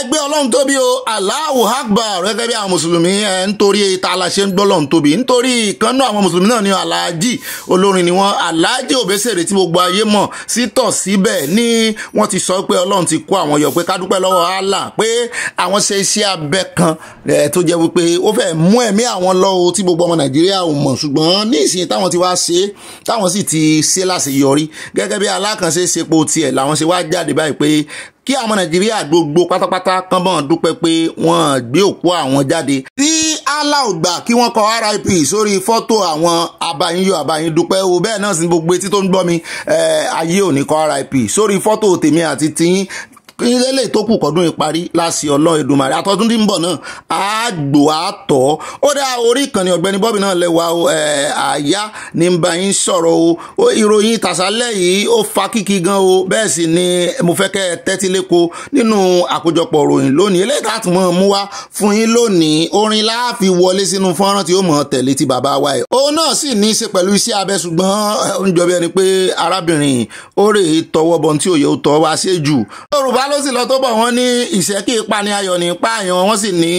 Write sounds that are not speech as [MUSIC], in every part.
ẹgbẹ́ ọlọ́run tóbi o Allahu Akbar gẹ́gẹ́ bí àwọn mùsùlùmí ẹ̀ nítorí ta la ṣe ń gbọ́ ọlọ́run tóbi nítorí ìkànnú àwọn mùsùlùmí náà ni aláàjì olórin ni wọ́n aláàjì òbẹ́sẹ̀rẹ̀ tí gbogbo ayé mọ̀ sítọ̀ síbẹ̀ ni wọ́n ti sọ pé ọlọ́run ti kó àwọn yọ pé ká dúpẹ́ lọ́wọ́ Allah pé àwọn ṣe iṣẹ́ abẹ kan tó jẹ́ wípé ó fẹ́ mú ẹ̀mí àwọn lọ́wọ́ tí gbogbo ọmọ Nàìjíríà ò mọ̀ ṣùgbọ́n ní ìsìn táwọn ti wá ṣe táwọn sì ti ṣe láṣeyọrí gẹ́gẹ́ bí alákànṣe ṣepo tiẹ̀ làwọn ṣe wá jáde báyìí pé kí àwọn nàìjíríà gbogbo pátápátá kan bọ́n dúpẹ́ pé wọ́n gbé òkú àwọn jáde. tí allah ò gbà kí wọ́n kọ rip sórí fọ́tò àwọn abayínyọ abayíndúpẹ́ o bẹ́ẹ̀ náà sì gbogbo etí tó ń gbọ́ mi ayé ò ní kọ rip sórí fọ́tò tèmi àti tiyín kílélẹ̀ tó kù kọ́dún ìparí láti ọlọ́ Èdùmàrè àtọ́dún tí ń bọ̀ náà àgbò àtọ̀ ó dá orí ìkànnì ọ̀gbẹ́ni Bobby náà lẹ́wà àyà ní bá yín sọ̀rọ̀ o ìròyìn tàṣálẹ̀ yìí ó fa kíkí gan o bẹ́ẹ̀ sì ni mo fẹ́ kẹ́ ẹ tẹ́tí léko nínú àkójọpọ̀ ìròyìn lónìí eléyìí tá a tún mọ̀ mú wá fún yín lónìí orin la wọlé sínú fọ́nrán tí ó mọ̀ tẹ̀lé ti bàbá wa ẹ̀ òun náà sì ní í ṣe pẹ̀lú iṣẹ́ abẹ ṣùgbọ́n eh, ń jọ bí ẹni pé arábìnrin ó rè é tọwọ́ bọ́n tí òye ó tọ́ wá ṣe jù Yorùbá ló sì lọ tó bọ̀ wọ́n ní ìṣẹ́kì ìpani ayọ̀ ní pààyàn wọ́n sì ní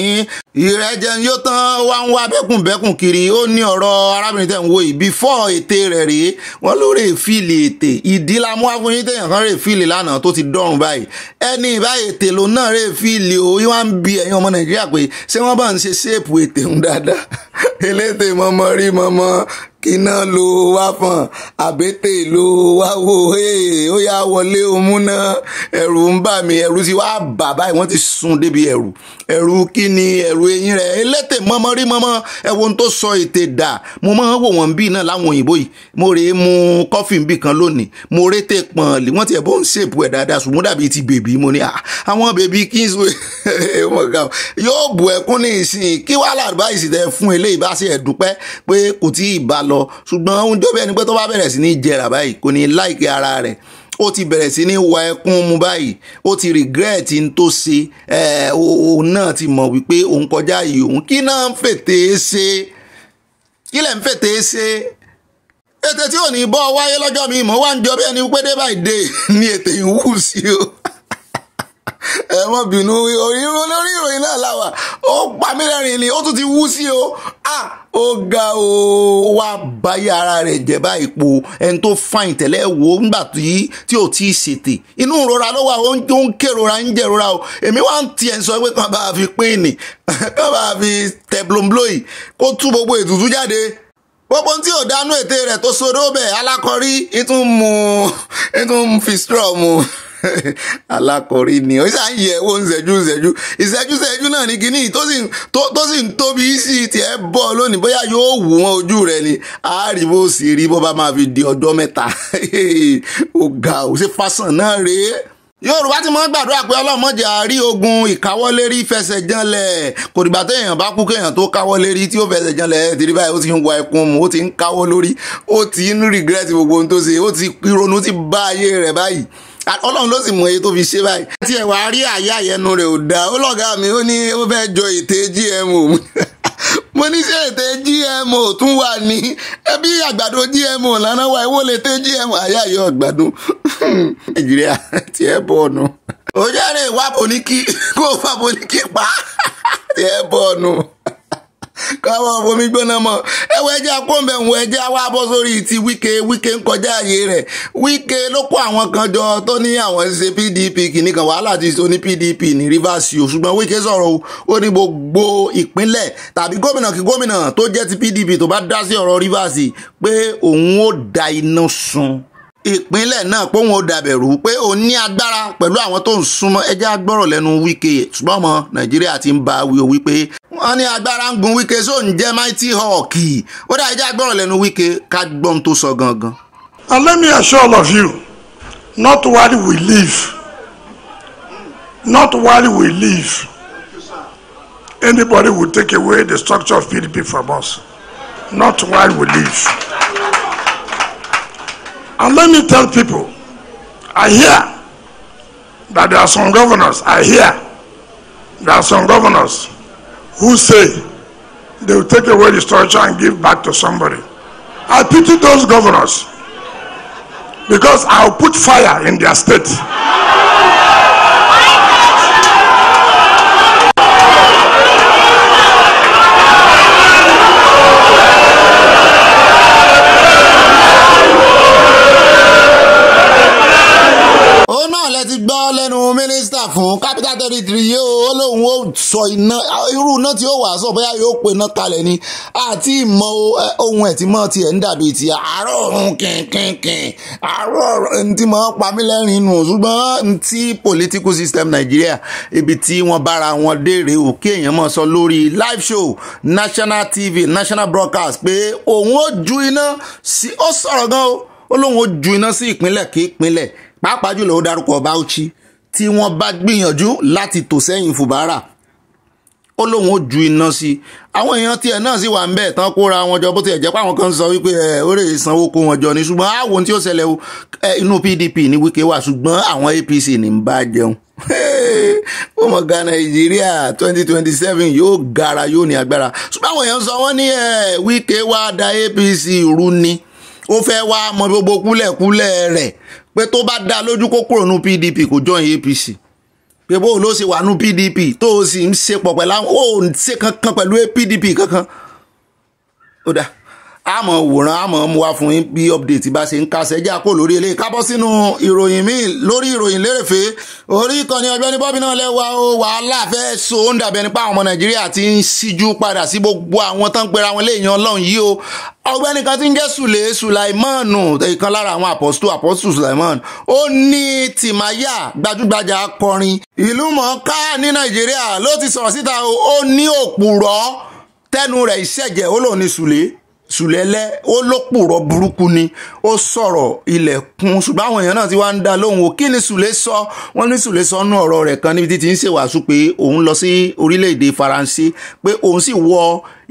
ìrẹ́jẹ yóò tán wá ń wá bẹ́kùnbẹ́kùn kiri ó ní ọ̀rọ̀ arábìnrin tẹ̀ ń wo yìí before ète rẹ̀ rèé wọ́n ló rè fìlì ète ìdí la mú afúnyín tẹ̀yàn kan rè fìlì lánàá tó ti dọ̀rùn báyìí ẹni ìbáyìí ète ló náà rè fìlì o yín wá ń bi ẹ̀yin ọmọ nàìjíríà pé ṣé wọ́n bá ń ṣe ṣéèpù ète ń dáadáa [LAUGHS] eléte mọ́mọ́ rí kíná ló wá fọ̀n àbètè ló wá wò ó yá wọlé òmu náà ẹ̀rù ń bà mí ẹ̀rù ti wá bà báyìí wọ́n ti sun débi ẹ̀rù ẹ̀rù kí ni ẹ̀rù eyín rẹ̀ elétè mọ́mọ́ rí mọ́mọ́ ẹ wo ohun tó sọ ètè dà mo máa ń wò wọ́n bí náà láwọn òyìnbó yìí mo rè é mu kọ́fì bì kan lónìí mo rè tè pọ̀n lè wọ́n ti ẹ̀ bó ń ṣèpù ẹ̀ dáadáa ṣùgbọ́n dàbí ti bèbí mo ní ah, àwọn bèbí kingsway [LAUGHS] yóò bù ẹkún ní ìsìn kí wàhálà àdúbáyìí sì tẹ fún eléyìí bá sì ẹ̀ lọ ṣùgbọ́n oúnjẹ bẹ́ẹ̀ ni pé tó bá bẹ̀rẹ̀ sí ní jẹrà báyìí kò ní láìkí ara rẹ̀ ó ti bẹ̀rẹ̀ sí ní wa ẹkún mu báyìí ó ti regret n tó ṣe òun náà ti mọ̀ wípé òun kọjá yìí òun kí náà ń fètè ṣe kí lẹ̀ ń fètè ṣe ètè tí ò ní bọ́ wáyé lọ́jọ́ mi mọ́ wá ń jọ bẹ́ẹ̀ ni pé dé báyìí dé ni ètè ìwú sí o. ẹmọ bínú ìròyìn lórí ìròyìn náà láwà pa mí lẹ́rìn ni ó tún ti wú sí o ó ga o wá báyé ara rẹ̀ jẹ́ báyìí po ẹni tó fàìn tẹ́lẹ̀ wò ó tí ò tí ì ṣètè inú ìrora ló wà o èmi wá ń tiẹ̀ sọ pé kàn bá fi pín [LAUGHS] kàn bá yìí tú gbogbo ètùtù jáde gbogbo tí ò dánú ète [LAUGHS] alákọ̀rí ni ó ṣáà ń yẹ owó ìṣẹ́jú ìṣẹ́jú ìṣẹ́jú ìṣẹ́jú náà ní kínní tó sì ń tóbi sí i tiẹ̀ bọ̀ lónìí bóyá yóò wù wọ́n ojú rẹ̀ ni àárí bó sì rí bó bá máa fi di ọjọ́ mẹ́ta [LAUGHS] ó ga ó ṣe fásán náà rèé yorùbá ti mọ gbàdúrà pé ọlọ́mọdé àárí ogun ìkáwọ́lérí fẹsẹ̀jánlẹ̀ kò dìgbà téèyàn bá kú kéèyàn tó káwọ́lérí tí ó fẹsẹ̀jánlẹ̀ tìrí báyìí ó ti ń wa ẹkún mu ó ti ń káwọ́ lórí ó ti ń regret gbogbo ohun tó ṣe ó ti ronú ti bá ayé rẹ̀ báyìí ọlọ́run ló sì mọ èyí tó fi ṣe báyìí. tí ẹ wàá rí àyà yẹnu rẹ̀ ò dáa ó lọ́gà mi ó ní ó fẹ́ jọ ète GMO [LAUGHS] mo ní ṣé ète GMO tún wà ní ẹbí àgbàdo GMO lánàá wa ìwó lè tẹ GMO àyà yọ àgbàdo [LAUGHS] nàìjíríà tí ẹ bọ̀ ọ̀nà. ó jáde ìwà bòníkì [LAUGHS] kó o fà bòníkì pa tí ẹ bọ̀ ọ̀nà káwọn fomi gbóná mọ ẹwọ ẹjẹ akóńbẹ ń wọ ẹjẹ wá bọ́ sórí ti Wike Wike ń kọjá ààyè rẹ̀ Wike ló kó àwọn kan jọ tó ní àwọn ṣe PDP kìíní kan wàhálà ti so ní PDP ní Rivers o ṣùgbọ́n Wike sọ̀rọ̀ o ó ní gbogbo ìpínlẹ̀ tàbí gómìnà kí gómìnà tó jẹ́ ti PDP tó bá dá sí ọ̀rọ̀ Rivers pé òun ó da iná sun ìpínlẹ̀ náà pé òun ò dàbẹ̀rù pé òun ní agbára pẹ̀lú àwọn tó ń súnmọ́ ẹjẹ́ agbọ́rọ̀ lẹ́nu Wike ṣùgbọ́n ọmọ Nàìjíríà ti ń ba wíwo wípé wọ́n ní agbára ń gun Wike sóun jẹ́ mighty hawk ó dá ẹjẹ́ agbọ́rọ̀ lẹ́nu Wike ká gbọ́n tó sọ gangan. And let me assure all of you not while we live not while we live anybody will take away the structure of PDP from us not while we live. And let me tell people, I hear that there are some governors, I hear there are some governors who say they will take away the structure and give back to somebody. I pity those governors because I will put fire in their state. kádà fún capital territory yìí ó lóun ó sọ iná irú iná tí ó wà sọ bóyá yóò pe iná kalẹ̀ ni àti ìmọ̀ ohun ẹ̀ tí mọ̀ tiẹ̀ ń dàbí ti àárọ̀ ọ̀run kìnkìnkìn àárọ̀ ọ̀run tí mọ̀ pa mí lẹ́rìn nù ṣùgbọ́n ti political system Nàìjíríà ibi tí wọ́n bára wọn déèrè ò èèyàn mọ̀ sọ lórí live show national tv national broadcast pé òun ó ju iná sí ó sọ̀rọ̀ gan ó lóun ó ju iná sí ìpínlẹ̀ kí ìpínlẹ̀ pàápàá jùlọ ó dárúkọ Bauchi tí wọ́n bá gbìyànjú láti tò sẹ́yìn fùbárà ó lóun ó ju iná sí i àwọn èèyàn tiẹ̀ náà sì wà ń bẹ̀ tán kóra wọn jọ bó tiẹ̀ jẹ́ pé kan sọ wípé ẹ orí ìsanwó kó wọn jọ ní ṣùgbọ́n àwọn ohun tí ó ṣẹlẹ̀ o inú PDP ní Wike wà ṣùgbọ́n àwọn APC ní ń bá jẹun ọmọ [LAUGHS] ga Nàìjíríà twenty twenty seven yóò gara yóò ní agbára ṣùgbọ́n àwọn èèyàn sọ wọ́n ní Wike wá da APC rú ni ó fẹ́ wá mọ gbogbo kúlẹ̀kúlẹ̀ rẹ̀ pé tó bá dá lójú kó kúrò nú PDP kó join APC pé bó ló ṣe wà nú PDP tó o sì ń ṣe pọ̀ pẹ̀lú àwọn ò ń ṣe kankan pẹ̀lú PDP kankan ó dáa àmọ́ wòran àmọ́ mú wá fún yín bí update bá ṣe ń kásẹ̀ jẹ́ àpò lórí eléyìí kábọ́ sínú ìròyìn míì lórí ìròyìn lérèfé orí ìkànnì Ọ̀gbẹ́ni Bobby náà lẹ́wà ó wàhálà fẹ́ so ó ń dàbẹ̀ nípa àwọn ọmọ Nàìjíríà ti ń ṣíjú padà sí gbogbo àwọn tán ń pera wọn léèyàn Ọlọ́run yìí o ọ̀gbẹ́ni kan ti ń jẹ́ sùlẹ̀ sùlàìmọ́ọ̀nù ìkan lára àwọn àpọ́sítù àpọ́sítù sùlàìmọ́ọ̀n ó ní tìmáyà gbajúgbajà akọrin ìlú mọ̀ọ́ká ní Nàìjíríà ló ti sọ̀rọ̀ síta ó ní òpùrọ̀ tẹnu rẹ̀ ìṣẹ̀jẹ̀ ó lòun ní sùlẹ̀ sùlẹ́lẹ́ ó lópùrọ̀ burúkú ni ó sọ̀rọ̀ ilẹ̀kùn ṣùgbọ́n àwọn èèyàn náà ti wá ń dá lóhùn o kí ni sùlé sọ wọ́n ní sùlé sọ nú ọ̀rọ̀ rẹ̀ kan níbi tí ti ń ṣèwàásù pé òun lọ sí orílẹ̀-èdè faransé pé òun sì wọ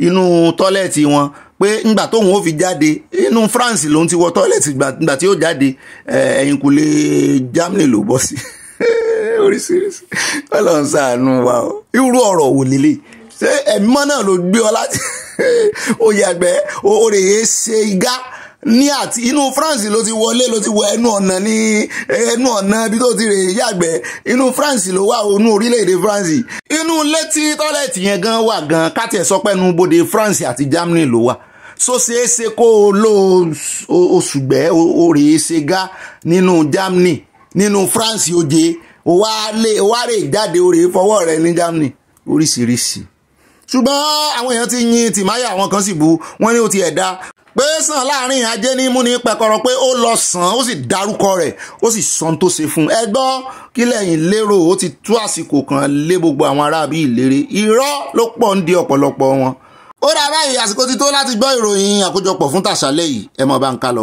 inú tọ́lẹ̀tì wọn pé ńgbà tóun ó fi jáde inú france lòun ti wọ tọ́lẹ̀tì ńgbà tí ó jáde ẹ̀yìnkùlé germany ló bọ́ sí [LAUGHS] oríṣiríṣi ọlọ́run ṣàánú wa irú ọ̀rọ̀ wò lélẹ́yìí ṣé ẹ̀mọ́ náà ló gbé ọ láti [LAUGHS] oyè àgbẹ̀ orèyé ṣe igá ní àti inú France ló ti wọlé ló ti wọ ẹnu ọ̀nà ní ẹnu ọ̀nà ibi tó ti rè yàgbẹ́ inú France ló wà onú orílẹ̀-èdè France inú létí tọ́lẹ̀tì yẹn gan wà gan káti ẹ̀ sọpẹ́nu bodè France àti Germany ló wà so ṣeéṣe kó o lo oṣùgbẹ́ orèéṣegá nínú Germany nínú France oje o wá lè jáde orèé fọwọ́ rẹ ní Germany oríṣiríṣi ṣùgbọ́n àwọn èèyàn ti yin tìmáyà àwọn kan sì bu wọ́n ní ó ti ẹ̀dá pé sàn láàrin ajé ní múni pẹkọrọ pé ó lọ sàn ó sì dárúkọ rẹ̀ ó sì san tó ṣe fún un ẹ gbọ́ kí lẹ́yìn lérò ó ti tú àsìkò kan lé gbogbo àwọn aráàbí ìlérè irọ́ ló pọ̀ ń di ọ̀pọ̀lọpọ̀ wọn. ó dá báyìí àsìkò ti tó láti gbọ́ ìròyìn àkójọpọ̀ fún tàṣálẹ́ yìí ẹ mọ̀ bá ń ká lọ.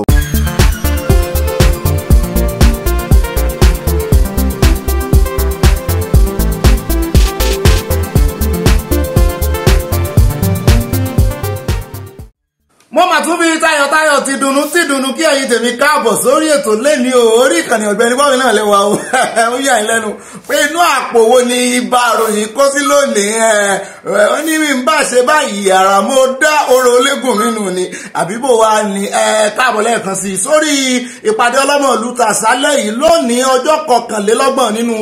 Mo tún bí tayọ̀tayọ̀ ti dùnnú ti dùnnú kí ẹ̀yin tèmi káàbọ̀ sórí ètò lẹ́ni o orí ìkànnì ọ̀gbẹ́ni bọ́ọ̀lù náà lẹ́wà o [LAUGHS] ó yà lẹ́nu pé inú àpò wo ni ibà ròyìn kó sí lónìí ẹ ó ní mi ń bá ṣe báyìí ara mo dá oró olégùn mi ni àbíbò wa ni ẹ káàbọ̀ lẹ́ẹ̀kan sí i sórí ìpàdé ọlọ́mọ ìlú tàṣálẹ̀ yìí lónìí ọjọ́ kọkànlélọ́gbọ̀n nínú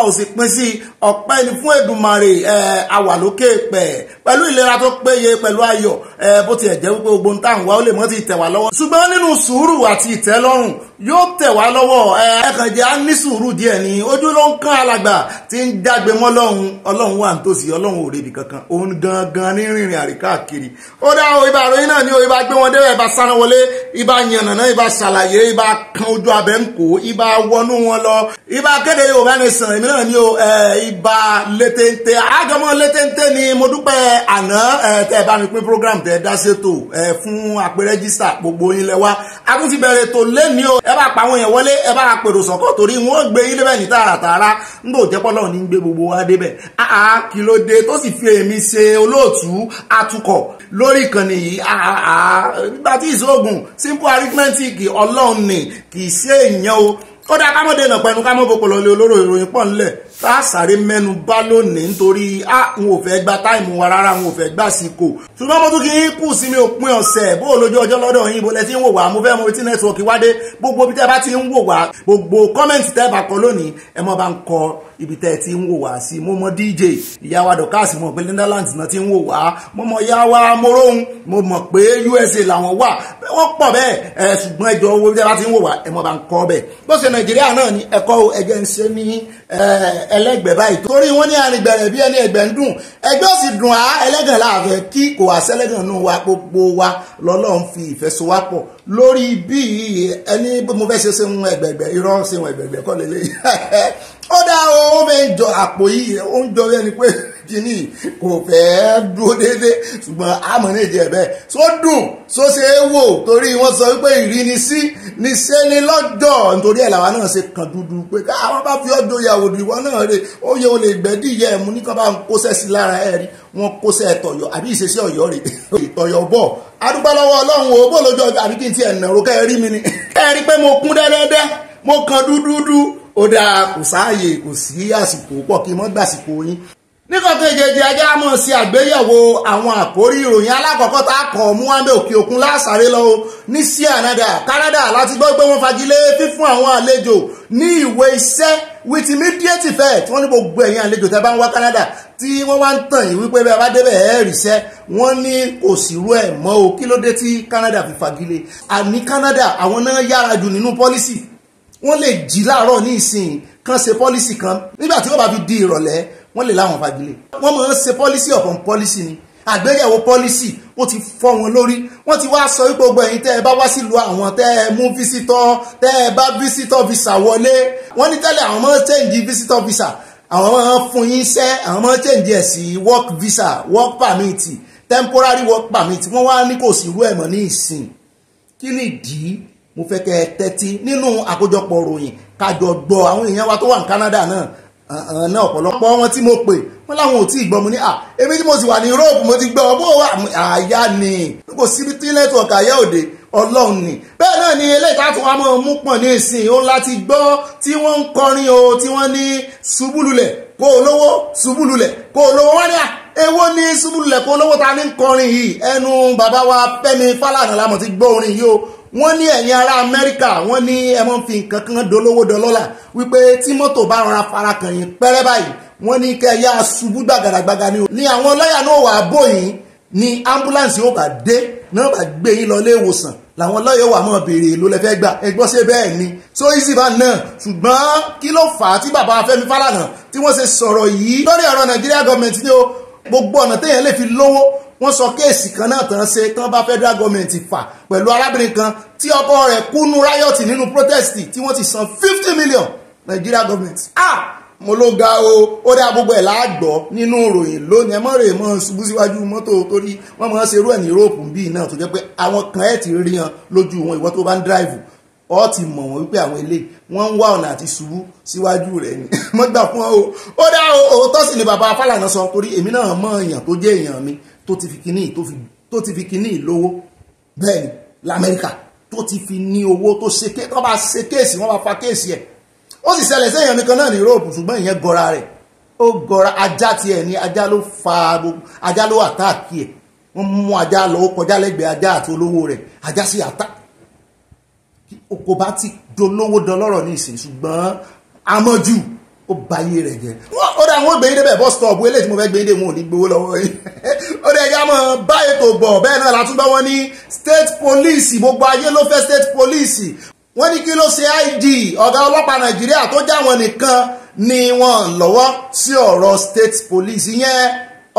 oṣù pín sí ọpẹ́ ni fún Èdùmàrè àwà lókè pẹ̀ pẹ̀lú ìlera tó péye pẹ̀lú ayọ̀ bó ti ẹ̀ jẹ́ wípé gbogbo nta ń wá ó lè mọ́ ti tẹ̀ wá lọ́wọ́ ṣùgbọ́n nínú sùúrù àti ìtẹ́lọ́rùn yóò tẹ̀ wá lọ́wọ́ ẹ̀ẹ́kànjẹ́ á ní sùúrù díẹ̀ ni ojú ló ń kán alàgbà tí ń jágbe mọ́ lọ́hùn ọlọ́hun wà nítòsí ọlọ́hun òrèbì kankan òun gangan ní rìnrìn àríkàkiri ó dá o ibà ròyìn náà ni o ibà gbé wọn débẹ̀ ibà sáná wọlé ibà yànnàná ibà ṣàlàyé ibà kan ojú abẹ́ ń kó ibà wọnú wọn lọ ibà kéde Yorùbá Nation èmi náà ni o ibà létéńté àgàmọ́ létéńté ni mo dúpẹ́ àná tẹ́ ẹ bá mi pín program tẹ́ ẹ dá ṣètò fún àpè rẹ́gísítà gbogbo yín lẹ́wà a tún ti bẹ̀rẹ̀ tó lẹ́ni o ẹ bá pa àwọn èèyàn wọlé ẹ bá ra pèrò sọ́kọ̀ torí wọ́n gbé yín débẹ̀ ní tààràtààrà nígbò jẹ́pọ̀ náà ní gbé gbogbo wa débẹ̀ àá kí ló dé tó sì fi èmi ṣe olóòtú atukọ̀ lórí ìkànnì yìí àá nígbà tí ìṣòògùn simple arithmetic ọlọ́run ni kì í ṣe èèyàn o kódà kámọ́dé nà pẹ̀lú kámọ́ bòpò lọ́lẹ́ olóró ìròyìn pọ̀ ńlẹ̀ tá a sáré mẹ́nu bá lónìí nítorí n ò fẹ́ gba táìmù wa rárá n ò fẹ́ gba àsìkò ṣùgbọ́n mo tún kí n kù sí mi òpin ọ̀sẹ̀ bó o lójú ọjọ́ lọ́dọ̀ yín ibo lẹ ti ń wò wá mo fẹ́ mo ti nẹ́tíwọ̀kì wá dé gbogbo ibi tẹ́ bá ti ń wò wá gbogbo kọ́mẹ̀ntì tẹ́ bá kọ lónìí ẹ mọ́ bá ń kọ ibi tẹ́ ti ń wò wá sí mo mọ dj ìyáwá dọ̀kásì mo pé netherlands náà ti ń wò wá mo mọ yáwá morohun mo mọ̀ pé usa làwọn wà wọ́n pọ̀ bẹ́ẹ̀ ẹ ṣùgbọ́n ẹjọ́ owó tẹ́ bá ti ń wò wá ẹ mọ́ bá ń kọ bẹ́ẹ̀ bó ṣe nàìjíríà náà ni ẹ̀kọ́ ẹ̀jẹ̀ ń ṣe ní ẹlẹ́gbẹ̀ẹ́ báyìí torí wọ́n ní arìngbẹ̀rẹ̀ bí ẹni ẹgbẹ̀ ń dùn ẹgbẹ́ ò sì dùn á ẹlẹ́gàn láàfẹ́ kí kò wá sẹ́lẹ́gàn nù wa gbogbo wa lọ́lọ́run fi ìfẹ́sowápọ̀ lórí bí ẹni mo fẹ́ ṣe sehun ẹgbẹ̀gbẹ̀ irọ́ sehun ẹgbẹ̀gbẹ̀ kọ́ lélẹ́yìn [LAUGHS] ó dá ohun mẹ́jọ àpò yìí ó ń jọ bí ẹni pé kíní kò fẹ́ dúró déédéé ṣùgbọ́n àmọ́ ní ìjẹ́ bẹ́ẹ̀ tó dùn tó ṣe é wò torí wọ́n sọ wípé ìrínisí ní sẹ́ni lọ́jọ́ nítorí ẹ̀ làwa náà ṣe kàn dúdú pé káwọn bá fi ọjọ́ ìyàwó ìwọ náà rè ó yẹ o lè gbẹ́dìyẹ ẹ̀mú ní kọ́ bá ń kóṣẹ́ sí lára ẹ̀ rí wọ́n kóṣẹ́ tọ̀yọ̀ àbí ìṣesí ọ̀yọ́ rè [LAUGHS] tọ̀yọ̀ bọ̀ adúpẹ́ lọ́wọ́ ọlọ́run ò bó lójú ọjọ́ àbí kí n ti ẹ̀ nàró kẹ́ ẹ rí mi ni [LAUGHS] kẹ́ ẹ rí pé mo kún dẹ́dẹ́dẹ́ mo kan dúdúdú ó dáa kò sáàyè kò sí àsìkò pọ̀ kí n mọ́ gbàsìkò yín níkàtó ìjẹjẹ ajá mọ̀ sí àgbéyẹ̀wò àwọn àkórí ìròyìn alákọ̀ọ́kọ́ tá a kàn mú wáńbẹ́ òkè òkun lásàré lọ́wọ́ ní sí ànádà Canada láti gbọ́ pé wọ́n fagilé fífún àwọn àlejò ní ìwé iṣẹ́ with immediate effect wọ́n ní gbogbo ẹ̀yin àlejò tẹ́ bá ń wá Canada tí wọ́n wá ń tàn yìí wípé bẹ́ẹ̀ bá débẹ̀ ẹ̀ rìṣẹ́ wọ́n ní kò sì rú ẹ̀ mọ́ o kí ló dé tí Canada fi fagilé àní Canada àwọn náà yára jù nínú pọ́lísì wọ́n lè jí láàárọ̀ ní ìsìn kan ṣe pọ́lísì kan nígbà tí wọ́n bá fi di ìrọ̀lẹ́ wọ́n lè láwọn fagilé wọ́n máa ń se policy upon policy ni àgbéyẹ̀wò policy ó ti fọ́ wọn lórí wọ́n ti wá sọ wípé gbogbo ẹ̀yin tẹ́ ẹ bá wá sílùú àwọn tẹ́ ẹ mú visitor tẹ́ ẹ bá visitor visa wọlé wọ́n ní tẹ́lẹ̀ àwọn máa ń change visitor visa àwọn máa ń fún yín iṣẹ́ àwọn máa ń change ẹ̀ sí work visa work permit temporary work permit wọ́n wá ní kò sí irú ẹ̀ mọ́ ní ìsìn kí nìdí mo fẹ́ kẹ́ ẹ tẹ́tí nínú àkójọpọ̀ ròyìn kájọ gbọ́ àwọn èèyàn wa tó wà ní Canada náà àwọn náà ọ̀pọ̀lọpọ̀ wọn tí mo pè wọ́n láwọn ò tí ì gbọ́ mu ní à èmi tí mo sì wà ní Europe mo ti gbọ́ ọ bó wà àyà ni kò síbi tí nẹ́tíwọ̀kì àyà òde ọlọ́run ni bẹ́ẹ̀ náà ni eléyìí tá a tún wá mọ́ mú pọ̀ ní ìsìn òun láti gbọ́ tí wọ́n ń kọrin o tí wọ́n ní ṣubúlulẹ̀ kó olówó ṣubúlulẹ̀ kó olówó wọ́n ní à èwo ni ṣubúlulẹ̀ kó olówó ta ní kọrin yìí ẹnu bàbá wa Fẹ́mi Fálànà la mọ̀ ti gbọ́ orin yìí o wọ́n ní ẹ̀yin ará amẹ́ríkà wọ́n ní ẹ mọ́ fi nǹkan kan dolówó dọlọ́là wípé tí mọ́tò bá rọra farakàn yín pẹ́rẹ́ báyìí wọ́n ní kẹ́ ẹ yá ṣubú gbàgàdàgbàgà ni. ni àwọn lọ́yà náà wà bóyìn ni ambulance yóò bá dé náà bá gbé yín lọ ilé ìwòsàn làwọn lọ́yọ̀ wà mọ́ béèrè èlò lẹ́fẹ́ gbà ẹgbọ́n ṣe bẹ́ẹ̀ ni so easy van náà ṣùgbọ́n kí ló fà á tí bàbá Fẹ́mi Fálànà tí wọ́n ṣe sọ̀rọ̀ yìí lórí ọ̀rọ̀ Nàìjíríà gọ́ọ̀mẹ̀ntì ni o gbogbo ọ̀nà téèyàn lè fi lówó wọ́n sọ kéèsì kan náà tán ṣe tán bá federal government fà pẹ̀lú arábìnrin kan tí ọkọ rẹ̀ kúnú riot nínú protest tí wọ́n ti san fifty million Nigeria government. ah mo ló ga o ó dá gbogbo ẹ̀ láàgbọ́ nínú ìròyìn lónìí ẹ mọ̀ rè mọ̀ ṣubú síwájú mọ́tò torí wọ́n mọ̀ ṣe irú ẹ̀ ní Europe bíi náà tó jẹ́ pé àwọn kan ẹ̀ ti rí hàn lójú wọn ìwọ tó bá ń dráìvù ọ ti mọ̀ wọ́n wípé àwọn eléyìí wọ́n ń wá ọ̀nà àti ṣubú síwájú rẹ̀ ni [LAUGHS] mo gbà fún ọ o ó dá òótọ́ sì ni bàbá Fálànà sọ torí èmi náà mọ̀ èèyàn tó ti fi kíní tó ti fi kíní lówó bẹ́ẹ̀ ni lamẹ́ríkà tó ti fi ní owó tó ṣe ké tó bá ṣe kéèsì wọ́n bá fa kéèsì ẹ̀ ó sì ṣẹlẹ̀ sẹ́yìn nìkan náà ní Europe ṣùgbọ́n ìyẹn gọra rẹ̀ ó gọra ajá tiẹ̀ ní ajá ló fa gbogbo ajá ló àtáàkì ẹ̀ wọ́n mú ajá lọ ó kọjá lẹ́gbẹ̀ẹ́ ajá àti olówó rẹ̀ ajá sì àtá kò bá ti dolówó dọlọ́rọ̀ ní ìsìn ṣùgbọ́n amọ́jú ó bayé rẹ̀ jẹ́ ó dà wọ́n gbé yín e débẹ̀ bọ́ stọ̀ọ̀bù eléyìí tí mo fẹ́ gbé yín e dé wọn ò ní gbowó lọ́wọ́ yín bẹ́ẹ̀ yá mọ̀ bá ètò gbọ̀ bẹ́ẹ̀ náà látún bá wọn ní state police gbogbo ayé ló fẹ́ state police wọ́n ní kí ló ṣe ig ọ̀gá ọlọ́pàá nàìjíríà tó jáwọn nìkan ni wọ́n lọ́wọ́ sí ọ̀rọ̀ state police ìyẹn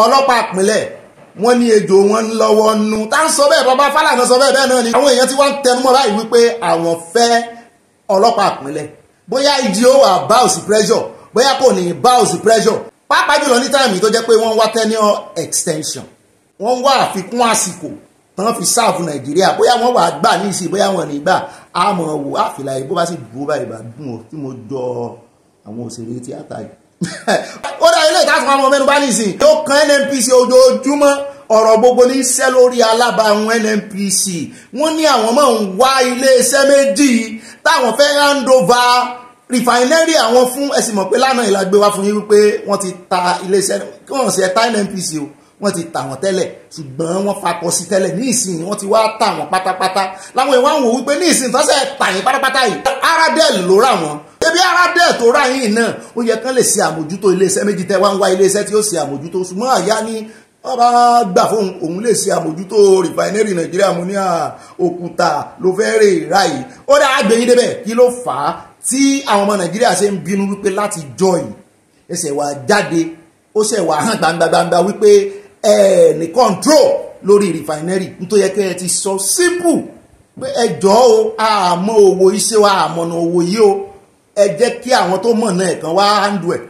ọlọ́pàá ìpínlẹ̀ wọ́n ní ejò wọn lọ́wọ́ nu tá ń sọ bẹ́ẹ̀ bàbá Fálànà sọ bẹ́ẹ̀ bẹ́ẹ̀ náà ni àwọn èèyàn ti wá ń tẹnumọ́ báyìí wípé àwọn fẹ́ ọlọ́pàá ìpínlẹ̀ bóyá ìdí ó wà bá òsì pressure bóyá kò ní bá òsì pressure pàápàá jùlọ ní táìmì tó jẹ́ pé wọ́n wá tenure extension wọ́n ń wá àfikún àsìkò tán fi sáàfù nàìjíríà bóyá wọ́n wà gbà ní ìsìn bóyá wọ́n ní gbà á mọ̀ wò àfìlà yìí bó bá sì dúró báyìí bá dùn ó tí mo jọ àwọn òṣèré tíátà yìí. [LAUGHS] ó dá ilé ìdásùn àwọn ọmọ ẹnu bá ní ìsìn tó kan NNPC ojoojúmọ́ ọ̀rọ̀ gbogbo ní sẹ́ lórí alábàáhùn NNPC wọ́n ní àwọn máa ń wá iléeṣẹ́ méjì táwọn fẹ́ hand over rìfàìnẹ́rì àwọn fún ẹ̀sìn mọ̀ pé lánàá ìlàgbé wa fún yín wípé wọ́n ti ta iléeṣẹ́ kí wọ́n sì ẹ̀ ta NNPC o wọ́n ti tà wọ́n tẹ́lẹ̀ ṣùgbọ́n wọ́n fakọ sí tẹ́lẹ̀ ní ìsìn wọ́n ti wá tà wọ́n pátápátá láwọn ìwà ń wò wípé ní ìsìn tọ́sẹ̀ tà yín pátápátá yìí Aradel ló rà wọ́n ebi Aradel tó rà yín náà ó yẹ kán lè ṣe àmójútó iléeṣẹ́ méjì tẹ́ wá ń wá iléeṣẹ́ tí ó ṣe àmójútó ṣùgbọ́n àyá ní wọ́n bá gbà fún òun lè ṣe àmójútó rìfàìnẹ́rì Nàìjíríà mo ní òkúta ló fẹ́ rè ráyè ó dáa gbẹ̀yìn débẹ̀ kí ló fà á tí àwọn ọmọ Nàìjíríà ṣe ń bínú wípé láti join ẹsẹ̀ wà jáde ó ṣẹ̀ wà hàn gbangbangba wípé ẹ ní control lórí refinery nítorí ẹkẹ ẹ ti sọ simple pé ẹjọ́ o àmọ́ owó iṣẹ́ wa àmọ́nà owó yìí o ẹ jẹ́ kí àwọn tó mọ̀ náà ẹ̀kan wá handle ẹ̀